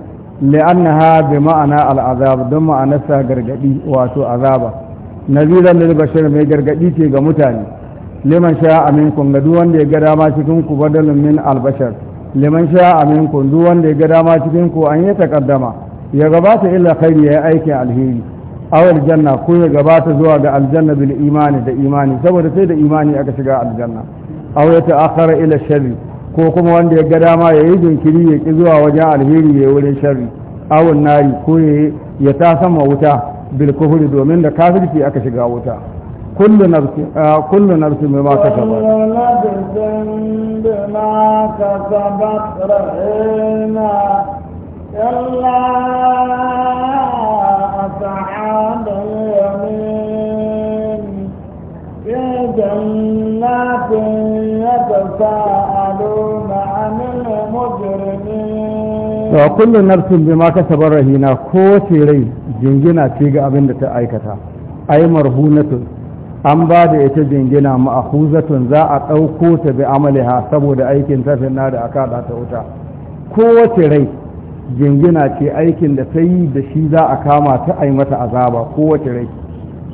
li'annaha bi ma'ana al'azab don ma'anarsa gargadi wato azaba naziran lil bashir mai gargaɗi ce ga mutane liman sha'a minkum duk wanda ya ga dama cikin ku badalun min albashar liman sha'a duk wanda ya ga dama cikin ku an yi ya gabata illa khairi ya aikin alheri awal janna ko ya gabata zuwa ga aljanna bil imani da imani saboda sai da imani aka shiga aljanna aw ya ta'akhkhara ila sharri ko kuma wanda ya ga dama ya yi jinkiri ya ki zuwa wajen alheri ya wurin sharri awon nari ko ya ta sama wuta bil kufri domin da kafirci aka shiga wuta kullu nafsi kullu nafsi bima kasabat kullu nafsin bima kasabat rahina illa ashabul yamin fi jannatin yatasab wa kullum nafsin bima kasabar rahina ko ce rai jingina ce ga abin da ta aikata ai marhunatun an ba da ita jingina ma'ahuzatun za a ɗauko ta bi amaliha saboda aikin tafin na da aka da ta wuta kowace rai jingina ce aikin da ta yi da shi za a kama ta ai mata azaba kowace rai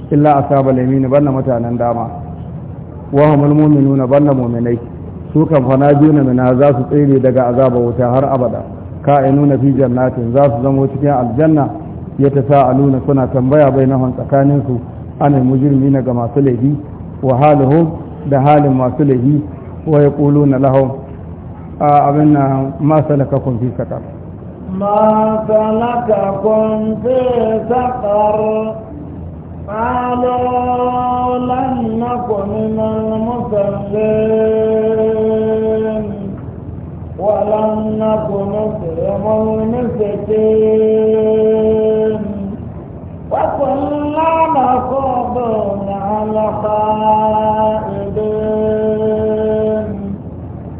illa asaba lamini banna mutanen dama wa hamul mu'minuna banna mu'minai su kan fana juna mina za su tsere daga azaba wuta har abada ka'inuna fi jannatin za su zamo cikin aljanna ya ta sa'aluna suna tambaya bainahum tsakanin su anil mujrimina ga masu laifi wa haluhum da halin masu laifi wa yaquluna lahum abin na ma salakakum fi saqar ma salakakum fi saqar قالوا لن نكن من المصلين ولم نك نكرم المسكين وكنا نخوض على الخائدين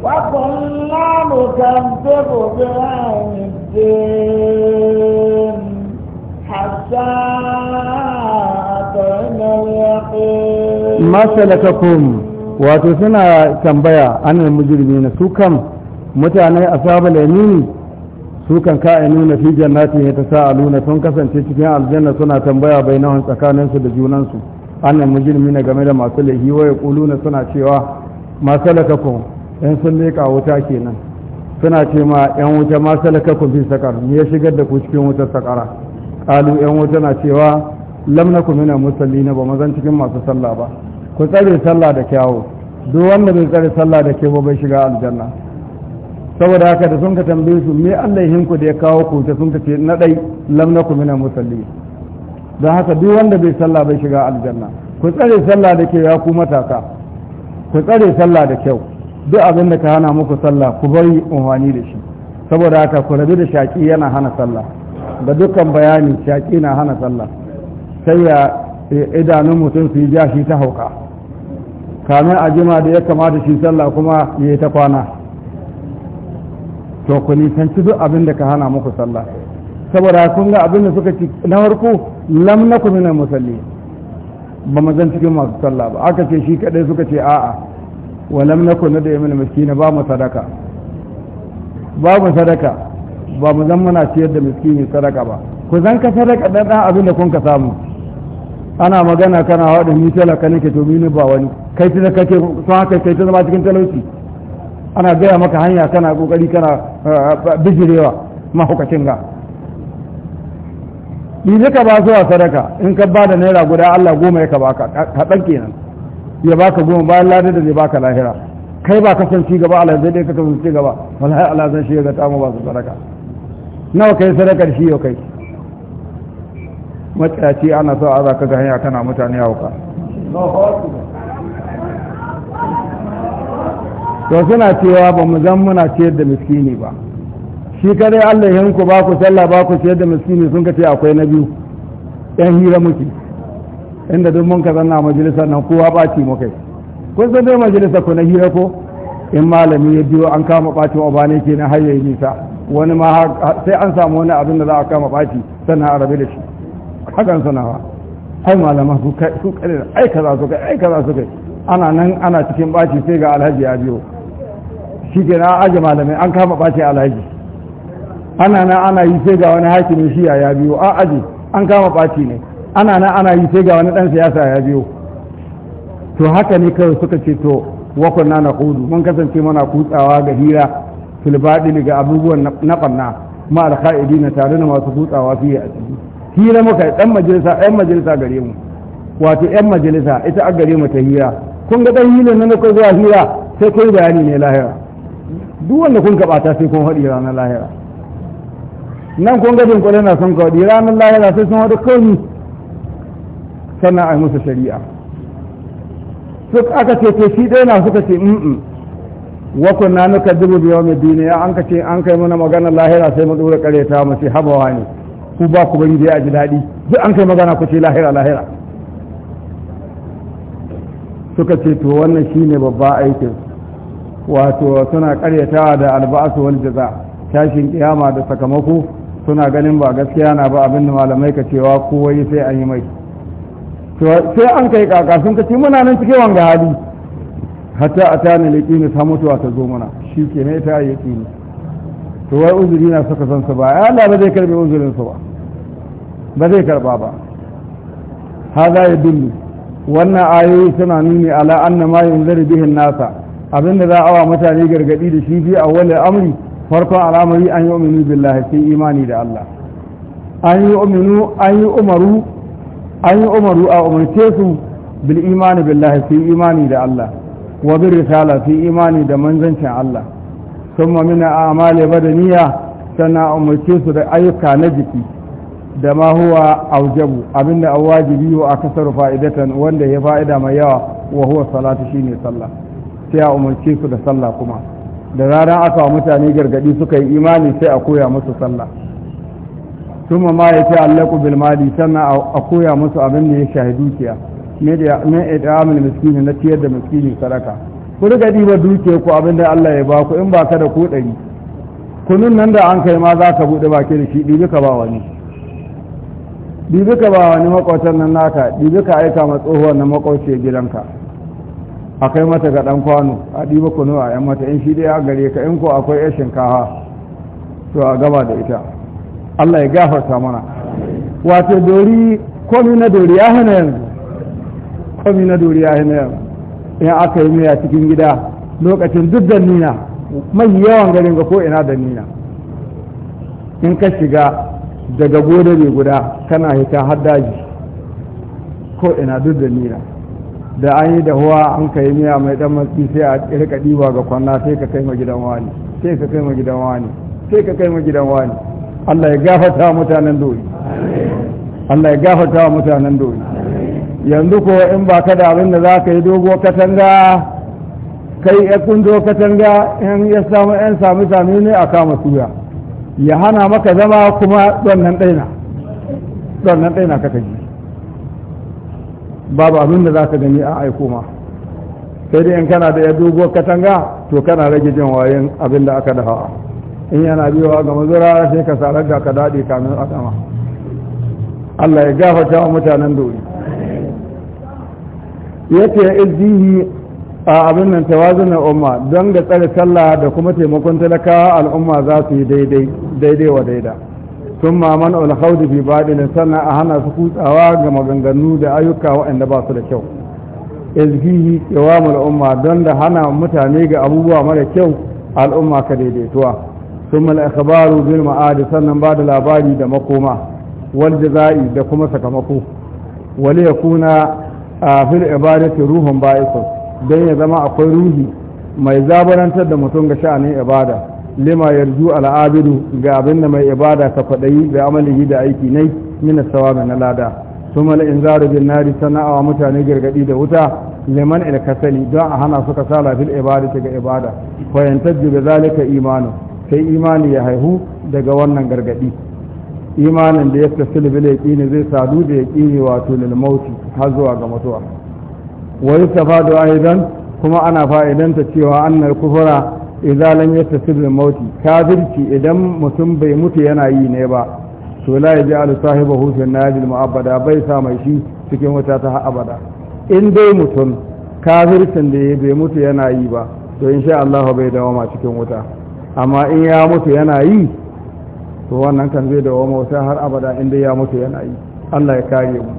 وكنا نكذب بأهل الدين حتى أتينا اليقين ما سلككم wato كمبيا أنا an mujrimina su mutane ashabul yamin su kan ka nuna fi jannati ya luna sun kasance cikin aljanna suna tambaya bai nawa tsakaninsu da junansu annan annal mujrimina game da masu laifi wa kuluna suna cewa lakakun yan sun leƙa wuta kenan suna ce ma yan wuta lakakun fi sakar me ya shigar da ku cikin wutar sakara qalu yan wuta na cewa lam nakum mina na ba mazan cikin masu sallah ba ku tsare sallah da kyawu duk wanda bai tsare sallah da kyau ba bai shiga aljanna saboda haka da sun ka tambaye su me allahin ku da ya kawo ku ta sun ka ce na dai lam na kumina musalli don haka duk wanda bai sallah bai shiga aljanna ku tsare sallah da kyau ya ku mataka ku tsare sallah da kyau duk abin da ka hana muku salla ku bari unwani da shi saboda haka ku rabu da shaki yana hana sallah da dukkan bayani shaki na hana salla sai ya idanun mutum su yi jashi ta hauka kamin a jima da ya kamata shi sallah kuma ya yi ta kwana to ku nisanci duk abin da ka hana muku sallah saboda kun ga abin da suka ci na farko lam nakum minal musalli ba mu zan cikin masu sallah ba aka ce shi kadai suka ce a'a wa lam na da yamin miskina ba mu sadaka ba mu sadaka ba mu zan muna ciyar da miskini sadaka ba ku zan ka sadaka dan dan abin da kun ka samu ana magana kana hawa da ni kanin ka to ba wani kai ta kake so haka kai ta zama cikin talauci ana gaya maka hanya kana kokari kana eh, eh, bijirewa mahaukacin ga Ni ka ba zuwa sadaka in ka ba da naira guda Allah goma ya ka baka hadan kenan ya baka goma bayan ladar da zai baka lahira kai ba kasan ci gaba Allah zai dai ka san ci gaba wallahi Allah zai shiga ta mu ba su sadaka nawa kai sadakar shi yau kai matsayaci ana so a za ka ga hanya kana mutane hauka to suna cewa ba mu zan muna ciyar da miskini ba shi kadai Allah ku ba ku sallah ba ku ciyar da miskini sun ka ce akwai na biyu yan hira muke inda duk mun ka zanna majalisar nan kowa ɓaci mu kai kun san dai majalisar ku na hira ko in malami ya biyo an kama ɓacin oba ne ke na hayya yayi nisa wani ma sai an samu wani abin da za a kama ɓaci sannan a rabe da shi hakan suna ba ai malama su kai su kai ai kaza su kai ai kaza su kai ana nan ana cikin ɓaci sai ga alhaji ya biyo shi ke na aji malamai an kama ɓace alhaji ana na ana yi sai ga wani hakimin shiya ya biyo a aji an kama ɓaci ne ana na ana yi sai ga wani ɗan siyasa ya biyo to haka ne kawai suka ce to wakon na hudu mun kasance mana kutsawa ga hira filbaɗi ga abubuwan na ɓanna ma alka'idi na tare da masu kutsawa fiye a ciki hira muka ɗan majalisa ɗan majalisa gare mu wato ɗan majalisa ita a gare mu ta hira kun ga ɗan na na kai zuwa hira sai kai bayani ne lahira duk wanda kun gabata sai kun haɗi ranar lahira nan kun gajin kwarai na sun kawai ranar lahira sai sun haɗu kawai sannan a yi musu shari'a su aka ce to shi ɗaya na suka ce mm wa kunna nukadibu bi yawmi dini an ka ce an kai mana magana lahira sai mu dora ta mu ce habawa ne ku ba ku bari je a ji daɗi duk an kai magana ku ce lahira lahira suka ce to wannan shine babba aikin wato suna karyatawa da alba'asu wani jaza tashin kiyama da sakamako suna ganin ba gaskiya na ba abin da malamai ka cewa kowai sai an yi mai sai an kai kaka sun ci muna nan cike wanga hali hatta atana liqini ta mutuwa ta zo mana shi ke ne ta ne. to wai uzuri na suka san su ba ya Allah ba zai karbe uzurin su ba ba zai karba ba hada ya dillu wannan ayoyi suna nuni ala anna ma yunzari bihin nasa abinda za a wa mutane gargadi da shi bi a wani amri farkon al'amari an yi umini billahi sai imani da Allah an yi an yi umaru an yi umaru a umarce su bil imani billahi sai imani da Allah wa bil risala sai imani da manzancin Allah thumma min a'mali badaniya sana umarce su da ayyuka na jiki da ma huwa aujabu abinda awajibi wa akasaru fa'idatan wanda ya fa'ida mai yawa wa huwa salatu shine sallah sai a umarce su da sallah kuma da rana aka wa mutane gargadi suka yi imani sai a koya musu sallah tuma ma ya ce allaku bil mali sannan a koya musu abin da ya shahi dukiya na idamul miskini na ciyar da miskini sadaka ku riga diba dukiya ku abin da Allah ya ba ku in ba ka da ko ɗari kunun nan da an kai ma za ka buɗe baki da shi ɗibi ka ba wani ɗibi ka ba wani makwatan nan naka ɗibi ka aika ma tsohuwar na makwaciyar gidanka a kai mata ga ɗan kwano a ɗiba kuno a yan mata in shi dai a gare ka in ko akwai yan shinkafa to a gaba da ita Allah ya gafarta mana wato dori komi na dori ya hana yanzu komi na dori ya hana yanzu in aka yi miya cikin gida lokacin duk da nina mai yawan garin ga ko ina da nina in ka shiga daga godare guda kana hita har daji ko ina duk da nina da an yi dahuwa an ka yi miya mai dan matsi sai a rika ɗiba ga kwanna sai ka kai ma gidan wani sai ka kai ma gidan wani sai ka kai ma gidan wani Allah ya gafata mutanen doyi Allah ya gafata mutanen doyi. yanzu ko in ba ka da abin da za ka yi dogo katanga kai ya kundo katanga in ya samu yan sami sami ne a kama suya ya hana maka zama kuma wannan ɗaina wannan ɗaina ka kaji babu abin da za ka gani a aiko ma sai dai in kana da ya dogo katanga to kana rage jin wayan abin da aka dafa in yana biyowa ga mazura sai ka sa da ka daɗe kamin adama Allah ya gafata wa mutanen dori yace ya izzihi a abin nan tawazunan umma don ga tsare sallah da kuma taimakon talakawa al'umma za su yi daidai daidai wa daida sun maman alhaudu fi baɗin sannan a hana su kutsawa ga maganganu da ayyuka waɗanda ba su da kyau izgihi kewamul umma don da hana mutane ga abubuwa mara kyau al'umma ka daidaituwa sun mal akhbaru bil ma'adi sannan ba da labari da makoma wal jaza'i da kuma sakamako wal yakuna fil ibadati ruhun ba'isun don ya zama akwai ruhi mai zabarantar da mutum ga sha'anin ibada lima yarju al'abidu ga abin da mai ibada ka kwaɗayi da amalihi da aiki nai mina sawabi na lada sun mala in zaru bin nari sana'a mutane gargadi da wuta liman kasali don a hana suka sala fil ibada ga ibada fayantajju da zalika imanu sai imani ya haihu daga wannan gargaɗi imanin da ya tasiri bil yaqini zai sadu da yaqini wato lil mauti har zuwa ga mutuwa wa yustafadu aidan kuma ana fa'idanta cewa annal kufara idza lam yastasib bil mauti kafirci idan mutum bai mutu yana yi ne ba to la yaj'alu sahibahu fi najil mu'abbada bai sa mai shi cikin wata ta abada in dai mutum kafircin da bai mutu yana yi ba to insha Allah bai dawama cikin wuta amma in ya mutu yana yi to wannan kan zai dawama wuta har abada in dai ya mutu yana yi Allah ya kare mu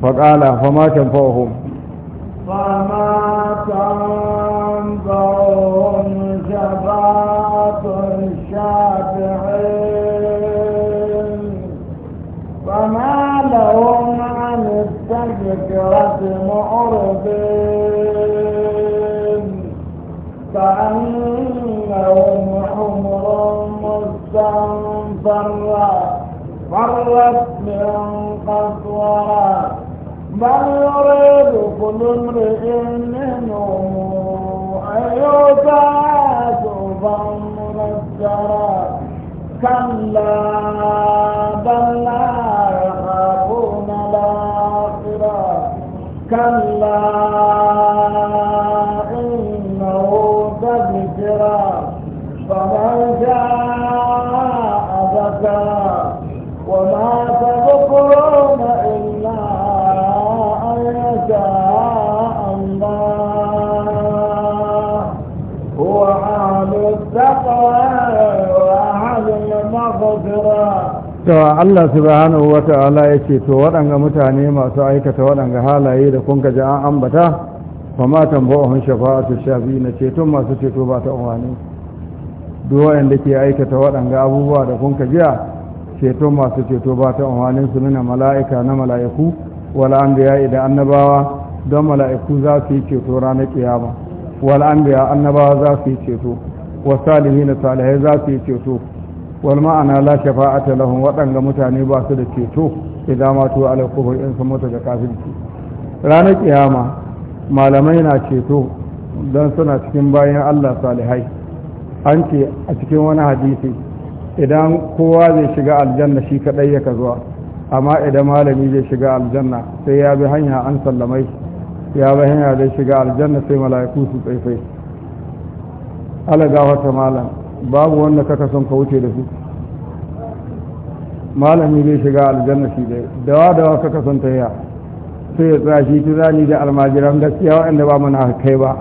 faqala fama tanfa'uhum فما تنظرهم شفاعة الشافعين فما لهم عن التذكرة معرضين كأنهم حمر مستنفرة فرت من قسورة بل يريد كل امرئ منهم أن يؤتى صحفا منشرا كلا بل لا يخافون الآخرة كلا إنه تذكرة فمن شاء ذكره to Allah subhanahu wa ta'ala ya ce to waɗanga mutane masu aikata waɗanga halaye da kun gaji an ambata fa ma tambawahun shafa'atu shafi na ceton masu ceto ba ta umarni duk waɗanda ke aikata waɗanga abubuwa da kun jiya ceton masu ceto ba ta umarnin su nuna mala'ika na mala'iku wala anbiya da annabawa don mala'iku za su yi ceto ranar kiyama wala anbiya annabawa za su yi ceto wasalihin salihai za su yi ceto wal ma'ana la shafa'ata lahum waɗanga mutane ba su da ceto idan ma to ala kufur in sun mutu da kafirci ranar kiyama malamai na ceto don suna cikin bayan Allah salihai an ce a cikin wani hadisi idan kowa zai shiga aljanna shi kadai ya ka zuwa amma idan malami zai shiga aljanna sai ya bi hanya an sallamai ya bi hanya zai shiga aljanna sai mala'iku su tsaifai ala gawata malam babu wanda kaka son ka wuce da su malami zai shiga aljanna shi dai dawa dawa kaka son ta yaya sai ya tsaya shi tuzani da almajiran gaskiya waɗanda ba mana kai ba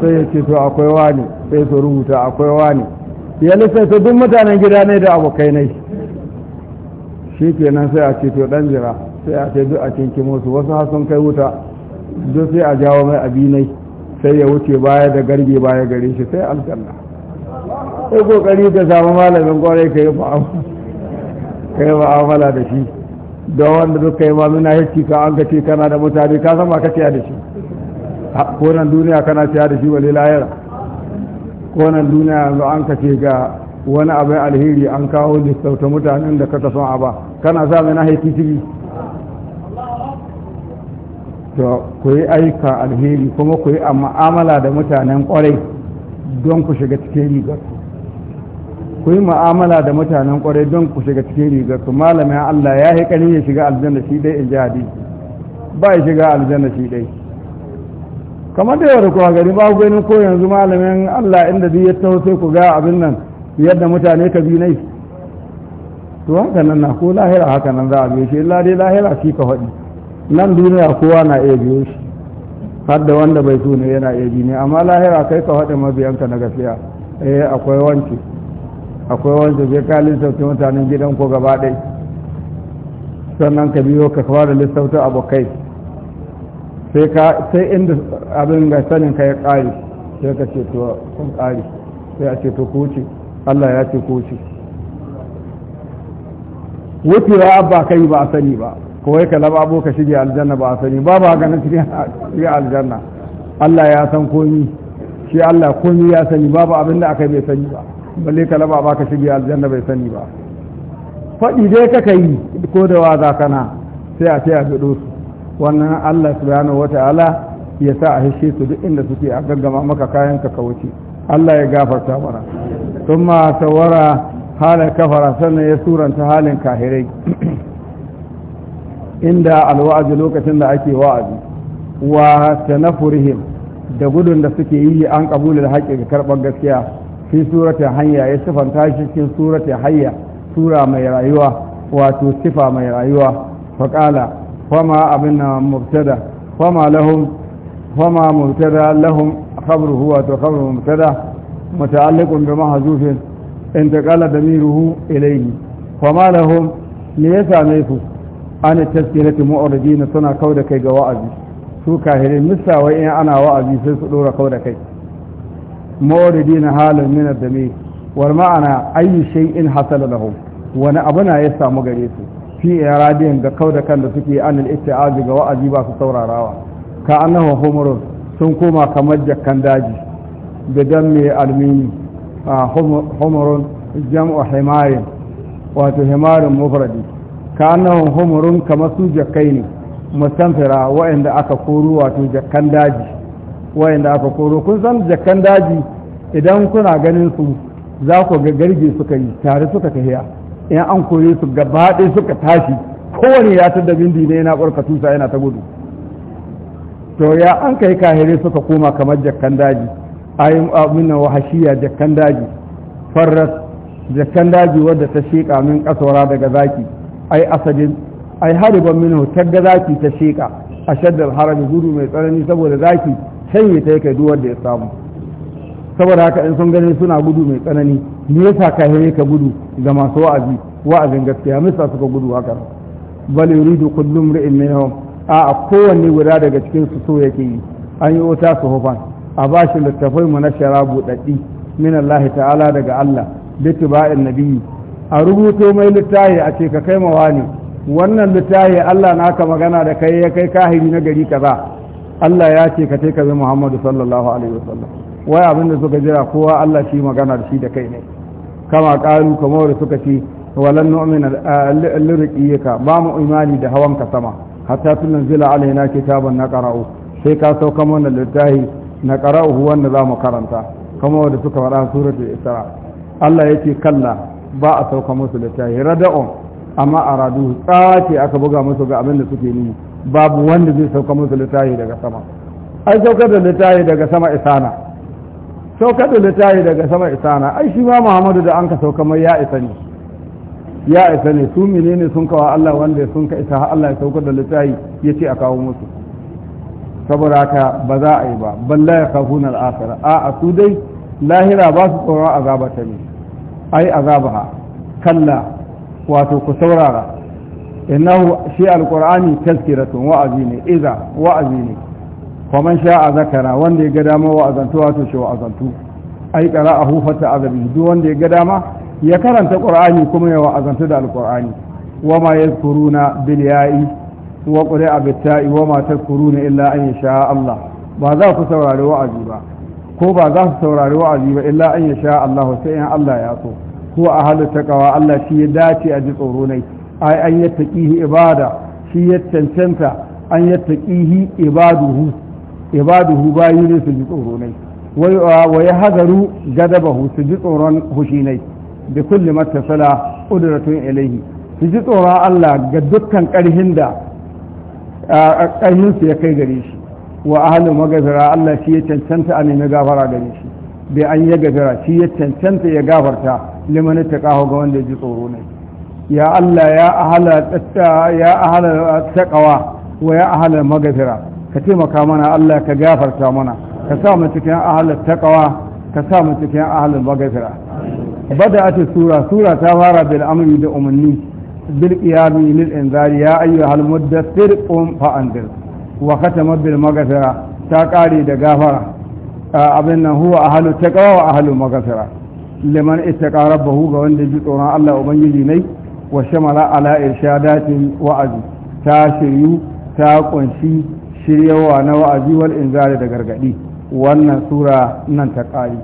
sai ya ce to akwai wani sai su rubuta akwai wani ya ta duk mutanen gida ne da abokai ne shi kenan sai a ce to ɗan jira sai a ce duk a cinki wasu wasu hasan kai wuta duk sai a jawo mai abinai ne sai ya wuce baya da garge baya gare shi sai aljanna sai kokari ka samu malamin kwarai ka yi ma'amala da shi don wanda duka yi mamina hecci ka an kace kana da mutane ka ma ka ciya da shi ko nan duniya kana ciya da shi wale layar ko nan duniya yanzu an kace ga wani abin alheri an kawo listauta mutanen da ta son a ba kana sa mai na haiti ciki to ku yi aika alheri kuma ku yi a ma'amala da mutanen kwarai don ku shiga cikin rigar ku yi ma'amala da mutanen kwarai don ku shiga cikin rigar ku malamin Allah ya yi ƙarin ya shiga aljanna shi dai in ji hadisi ba ya shiga aljanna shi dai kamar da yau da kuwa gari ba gani ko yanzu malamin Allah inda duk ya taho sai ku ga abin nan yadda mutane ka bi nai to haka nan na ko lahira haka nan za a biyo shi lahira shi ka faɗi nan duniya kowa na iya biyo shi har da wanda bai tuni yana iya bi ne amma lahira kai ka faɗi mabiyanka na gaskiya eh akwai wanki akwai wanki zai ka lissauta mutanen gidan ko gaba ɗai sannan ka biyo ka fara lissauta abokai sai ka sai inda abin ga sanin ka ya ƙari sai ka ce to kun ƙari sai a ce to ku Allah ya ce ku wuce wucewa abba kai ba a sani ba ko wai ka abu ka shige aljanna ba a sani ba ba ganin cikin aljanna Allah ya san komi shi Allah komi ya sani babu abin da aka bai sani ba balle ka ba ka shige aljanna bai sani ba faɗi dai ka yi ko da wa kana sai a ce a bido su wannan Allah subhanahu wata'ala ya sa a hishe su duk inda suke a gaggama maka kayan ka ka wuce Allah ya gafarta mana thumma tawara halin kafara sannan ya suranta halin kahirai inda alwa'azi lokacin da ake wa'azi wa tanafurihim da gudun da suke yi an kabulul haƙƙi ga karɓar gaskiya fi suratul hanya ya sifanta shi cikin suratul hayya sura mai rayuwa wato sifa mai rayuwa faƙala fama abin na mubtada fama lahum fama mubtada lahum khabruhu wato khabru mubtada muta'alliqun bi mahzufin intaqala damiruhu ilayhi fama lahum me ya same su ana tazkirati mu'ridina suna kauda kai ga wa'azi su kahirin misawai in ana wa'azi sai su dora kauda kai mu'ridina halan min ad-dami wal ma'ana ayyu in hasala hau. wani abu na ya samu gare su fi iradiyan ga kauda kan da suke an al ga wa'azi ba su saurarawa ka annahu sun koma kamar jakkan daji da dan mai almini ah, humurun jam'u himarin wato himarin mufradi kanahun humurun kama su jakai ne musamfira wa'anda aka koro wato jakan daji wa'inda aka koro kun san jakan daji idan kuna ganin su za ku ga garge suka yi tare suka tahiya in an koyi su gaba ɗaya suka tashi kowane ya ta bindi ne yana ɓarka tusa yana ta gudu to ya an kai kahire suka koma kamar jakkan daji ayin amina wahashiya jakkan daji farras jakkan daji wadda ta sheƙa min ƙasora daga zaki ai asadin ai hariban minhu tagga zaki ta sheka a harami harabi gudu mai tsanani saboda zaki shanye ta kai duwar da ya samu saboda haka in sun gani suna gudu mai tsanani me yasa ka hare ka gudu ga masu wa'azi wa'azin gaskiya misa suka gudu haka bal yuridu kullum ri'in minhum a kowanne guda daga cikin su so yake yi an yi wuta su hufan a bashi littafai mu na sharabu daddi min Allah ta'ala daga Allah bitu ba'in nabiyyi a rubuto mai littahi a ce ka kai mawa ne wannan littahi Allah naka magana da kai ya kai kahiri na gari kaza Allah ya ce ka kai kaza Muhammadu sallallahu alaihi wasallam wai abin da suka jira kowa Allah shi magana da shi da kai ne kama kalu kamar wanda suka ce walan nu'mina liriqiyaka ba mu imani da hawan ka sama hatta tunzila alaina kitaban naqra'u sai ka sauka mana littahi naqra'u wanda mu karanta kamar wanda suka fara suratul isra Allah yake kalla ba a sauka musu littafi rada'un amma a radu tsace aka buga musu ga abin da suke ni babu wanda zai sauka musu littafi daga sama ai saukar da littafi daga sama isana saukar da littafi daga sama isana ai shi ma muhammadu da an ka sauka mai ya isa ne ya isa ne su menene sun kawa Allah wanda sun ka isa Allah ya saukar da littafi ya ce a kawo musu saboda haka ba za a yi ba balla ya kafunar asara. a a su dai lahira ba su tsoron azaba ta ne ai azabaha kalla wato ku saurara innahu shi alqur'ani tazkiratun wa'azi ne iza wa'azi ne kuma sha'a zakara wanda ya ga dama wa'azantu wato shi wa'azantu ai qara'ahu fa azabi duk wanda ya ga dama ya karanta qur'ani kuma ya wa'azantu da alqur'ani ma yadhkuruna bil ya'i wa qura'a bit ta'i ma tadhkuruna illa an sha Allah ba za ku saurari wa'azi ba ko ba za su saurari wa'azi ba illa an ya sha Allah sai in Allah ya so ko a halin takawa Allah shi ya dace a ji tsoro nai ai an yattaqihi ibada shi ya cancanta an yattaqihi ibaduhu ibaduhu bayi ne su ji tsoro nai wa ya hadaru gadabahu su ji tsoron hushi nai bi kulli mattasala qudratun ilayhi su ji tsoron Allah ga dukkan karhin da karhin su ya kai gare shi wa ahalin magazara Allah shi ya cancanta a nemi gafara gare shi bai an ya gafara shi ya cancanta ya gafarta liman ta kawo ga wanda ya ji tsoro ne ya Allah ya ahala ya ahala taqwa wa ya ahala magazara ka taimaka mana Allah ka gafarta mana ka sa mu cikin ahala taqwa ka sa mu cikin ahala bada بدأت sura sura ta fara bil amri da umanni bil qiyami lil inzari ya ayyuhal muddathir qum fa'andir wa khatama bil ta kare da gafara abin nan huwa ahlu taqwa wa ahlu maghfira liman ittaqa rabbahu ga wanda ji tsoron Allah ubangiji ne wa shamala ala irshadatin wa'azi ta shiryu ta kunshi shiryawa na wa'azi wal inzari da gargadi wannan sura nan ta kare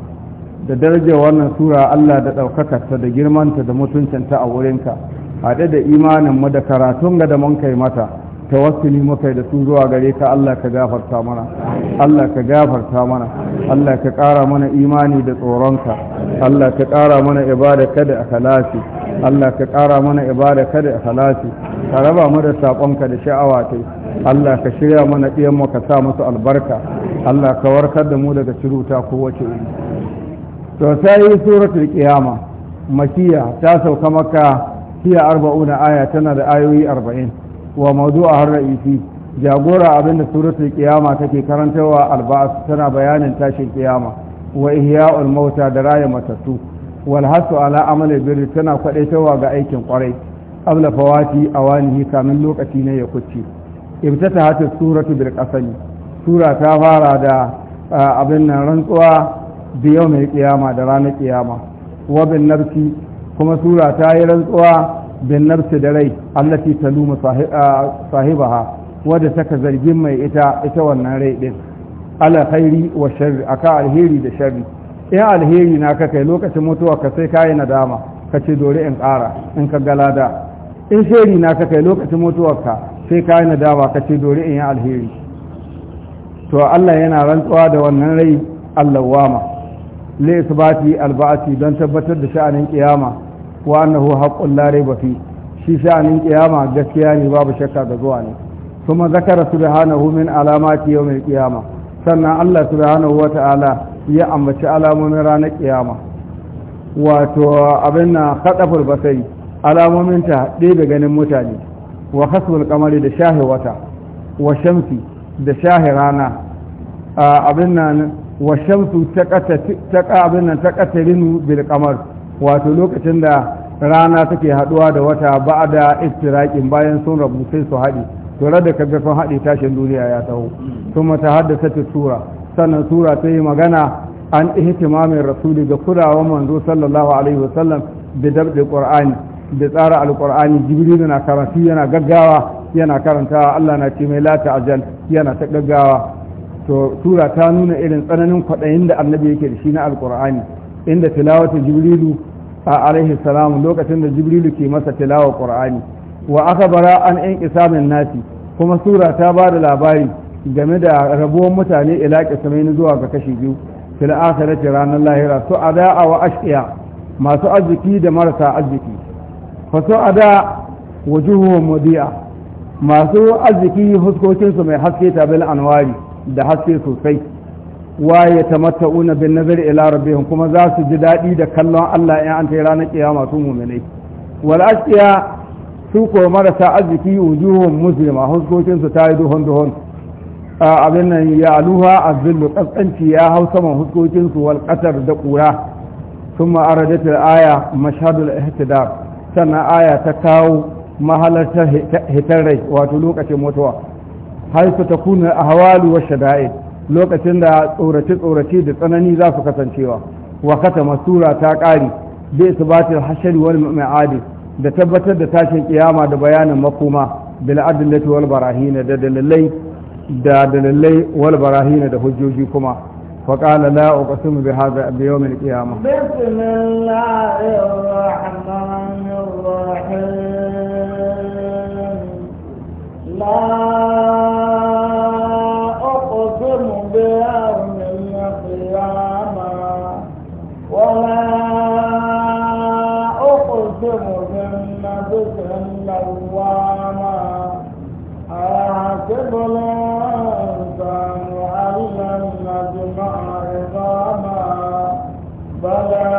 da daraja wannan sura Allah da ta da girmanta da mutuncinta a wurinka haɗe da imanin mu da karatun ga da mun kai mata tawassuli muka da su zuwa gare ka Allah ka gafarta mana Allah ka gafarta mana Allah ka ƙara mana imani da tsoronka Allah ka ƙara mana ibada kada a halasi Allah ka ƙara mana ibada kada a halasi ka raba mu da saƙonka da sha'awa ta Allah ka shirya mana ɗiyanmu ka sa musu albarka Allah ka warkar da mu daga ciruta ko wace iri to sai suratul qiyama makiya ta sauka maka hiya arba'una aya tana da ayoyi arba'in wa a ar-ra'isi jagora abinda suratul kiyama take karantawa alba'as tana bayanin tashin ƙiyama, wa ihya'ul mauta da raya matattu wal hasu ala amali bir tana kwadaitawa ga aikin kwarai abla fawati awanihi kamin lokaci ne ya kucce ibtata hatu suratu bil qasami sura ta fara da abin nan rantsuwa biyau mai kiyama da ranar kiyama wa bin nafsi kuma sura ta yi rantsuwa bin nafsi da rai allati lumu sahibaha wadda ka zargin mai ita ita wannan rai din alkhairi wa sharri aka alheri da sharri in alheri na ka kai lokacin mutuwa ka sai kayi nadama ka ce dore in ƙara in ka galada in sheri na ka kai lokacin ka sai kayi nadama ka ce dore in yi alheri to Allah yana rantsuwa da wannan rai wama lai isbati alba'ati don tabbatar da sha'anin kiyama wa annahu haqqul la rayba fi shi sha'anin kiyama gaskiya ne babu shakka da zuwa ne kuma zakara subhanahu min alamati yawmil ƙiyama, sannan Allah subhanahu wata'ala ya ambaci alamomin ranar kiyama wato abin na khadaful basari alamomin ta ɗebe ganin mutane wa hasbul kamari da shahi wata wa shamsi da shahi rana abin nan wa shamsu ta abin nan ta bil qamar wato lokacin da rana take haduwa da wata ba da istirakin bayan sun rabu sai su haɗe to da kaga sun haɗe tashin duniya ya taho kuma ta haddasa ta sura sannan sura ta yi magana an ihtimamin rasuli ga kulawan manzo sallallahu alaihi wasallam da dabda qur'ani da tsara alqur'ani jibril na karatu yana gaggawa yana karantawa Allah na ce mai la ta'jal yana ta gaggawa to sura ta nuna irin tsananin kwaɗayin da annabi yake da shi na alqur'ani inda tilawata jibrilu a alaihi salam lokacin da jibrilu ke masa tilawa qur'ani wa akbara an in isamin nasi kuma sura ta ba da labari game da rabuwar mutane ila kisamaini zuwa ga kashi biyu fil akhirati ranar lahira su ada'a wa ashqiya masu arziki da marasa arziki fa su ada wujuhum mudi'a masu arziki huskokin su mai haske tabil anwari da haske sosai Waye ya tamatta'una bin nazar ila rabbihim kuma za su ji daɗi da kallon Allah in an ta ranar kiyama su mu'minai wal asqiya su ko marasa arziki wujuhun muslima huskokin su tayi duhon duhon abin nan ya aluha azillu kaskanci ya hau saman huskokin su wal qatar da kura thumma aradat al aya mashhadul ihtidar sannan aya ta kawo mahalarta hitar rai wato lokacin mutuwa ta kuna ahwalu wa shada'id lokacin da tsorace tsorace da tsanani za su kasancewa wa katama ta ƙari bai isbatil hashari wal ma'adi da tabbatar da tashin kiyama da bayanin makoma bil adillati wal barahina da dalilai da dalilai wal barahina da hujjoji kuma فقال لا أقسم بهذا بيوم القيامة بسم الله الرحمن يوم القيامة ولا أقسم بالنفس اللوامة أيحسب الإنسان أن لن نجمع عظاما بلى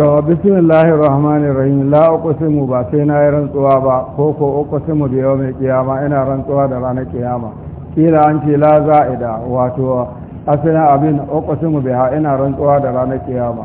to bismillahir rahmanir rahim la uqsimu ba sai na yi rantsuwa ba ko ko uqsimu bi yawmil qiyama ina rantsuwa da ranar kiyama kila an ce la za'ida wato asina abin uqsimu biha ina rantsuwa da ranar kiyama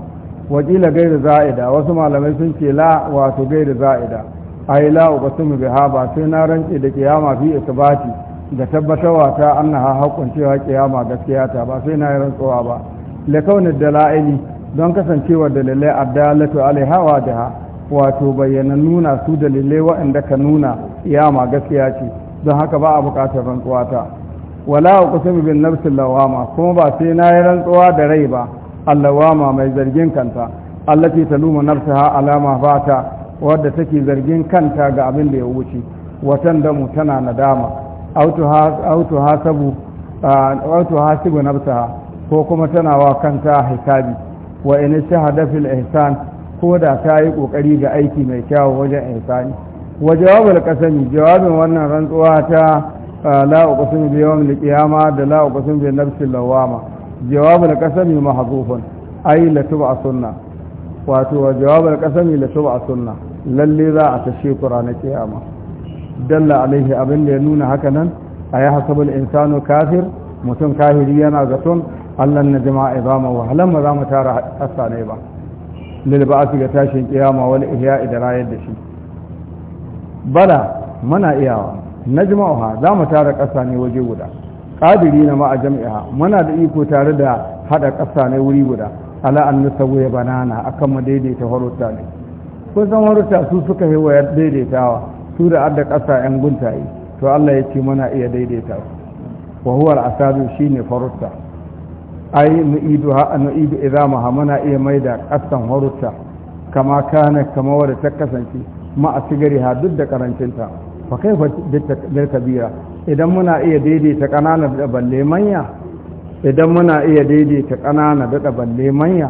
wakila gairu za'ida wasu malamai sun ce la wato gairu za'ida ai la uqsimu biha ba sai na rantsi da kiyama fi isbati da tabbatarwa ta annaha hakkun cewa kiyama gaskiya ta ba sai na yi rantsuwa ba lakaunin dala'ili don kasancewar dalilai a dalatu alaiha jiha, wato bayyana nuna su dalilai waɗanda ka nuna iyama gaskiya ce don haka ba a buƙatar rantsuwa ta wala uqsimu bin nafsin lawama kuma ba sai na yi rantsuwa da rai ba allawama mai zargin kanta Allah ta taluma nafsaha alama ta wadda take zargin kanta ga abin da ya wuce watan da tana nadama autu hasabu autu hasibu nafsaha ko kuma tana wa kanta hisabi wa in istihada fil ihsan ko da ta yi kokari ga aiki mai kyau wajen ihsani wa jawabul qasami jawabin wannan rantsuwa ta la uqsimu bi yawmil qiyama da la uqsimu bi nafsil lawama jawabul qasami mahdhufun ay la tub'a sunna wato wa jawabul qasami la tub'a sunna lalle za a tashe ku ranar kiyama dalla alaihi abin da ya nuna haka nan a yi hasabul insanu kafir mutum kahiri yana zaton allan na jama'a izama wa halan ma za mu tara ƙasa ne ba lil ba'su ga tashin kiyama wal ihya da rayar da shi bala muna iyawa jama'a za mu tara ƙasa ne waje guda ƙadiri na ma'a jami'a muna da iko tare da haɗa ƙasa ne wuri guda ala an nasawu banana akan mu daidaita horota ne kun san su suka yi wayar daidaitawa su da adda ƙasa yan guntaye to Allah ya ce muna iya daidaita su wa huwa shine farutta ai nu'idu ha nu'idu idamaha muna iya maida kasan horutta kama kana kama wadda ta kasance ma a sigari ha duk da karancinta fa kai fa bil kabira idan muna iya daidaita kanana da balle manya idan muna iya daidaita kanana da balle manya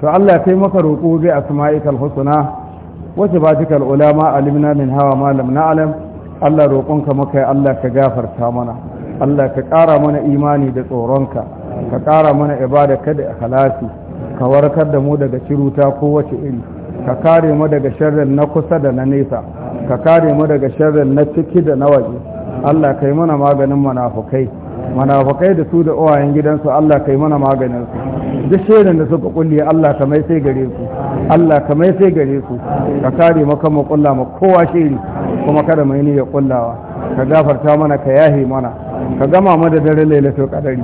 to Allah sai maka roƙo bi asma'ikal husna wa sifatikal ulama alimna min hawa ma lam na'lam Allah roƙonka maka Allah ka gafarta mana Allah ka ƙara mana imani da tsoronka ka ƙara mana ibada kada a halasi ka warkar da mu daga ciruta kowace iri ka kare mu daga sharrin na kusa da na nesa ka kare mu daga sharrin na ciki da na waje Allah kai mana maganin munafukai munafukai da su da uwayen gidansu Allah kai mana maganin su duk shirin da suka kulle Allah ka mai sai gare su Allah ka mai sai gare su ka kare mu kan mu kulla mu kowa shiri kuma kada mai yi ya kullawa ka gafarta mana ka yahi mana ka gama mu da dare lailatul qadari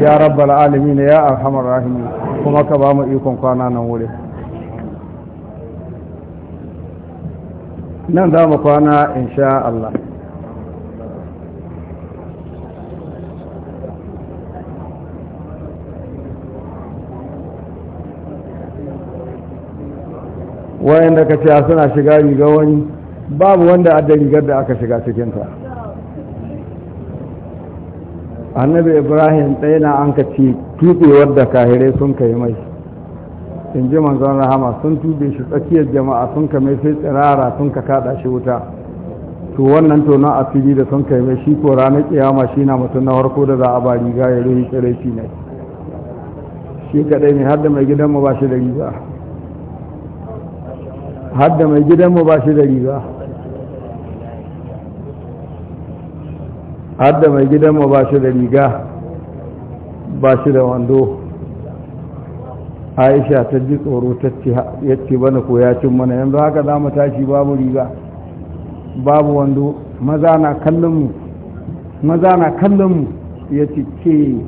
ya rabbal alamin ya arhamar rahimin kuma ka ba mu ikon kwana nan wuri nan za mu kwana insha Allah wayanda ka ce suna shiga riga wani babu wanda adda rigar da aka shiga cikinta annabi ibrahim ɗaya na an ka ci tuɓewar da kahirai sun ka yi mai in ji manzon rahama sun tube shi tsakiyar jama'a sun ka mai sai tsirara sun ka kaɗa shi wuta to wannan tona a fili da sun ka yi mai shi ko ranar kiyama shi na mutum na farko da za a ba riga ya ruhi tsiraici ne shi kaɗai ne har da mai gidanmu ba shi da riga har da mai gidanmu ba shi da riga har da mai gidanmu ba shi da riga ba shi da wando aisha ta ji tsoro ya ce bana ko ya cin mana yanzu haka za mu tashi babu riga babu wando maza na kallon mu maza na kallon mu ya ce ke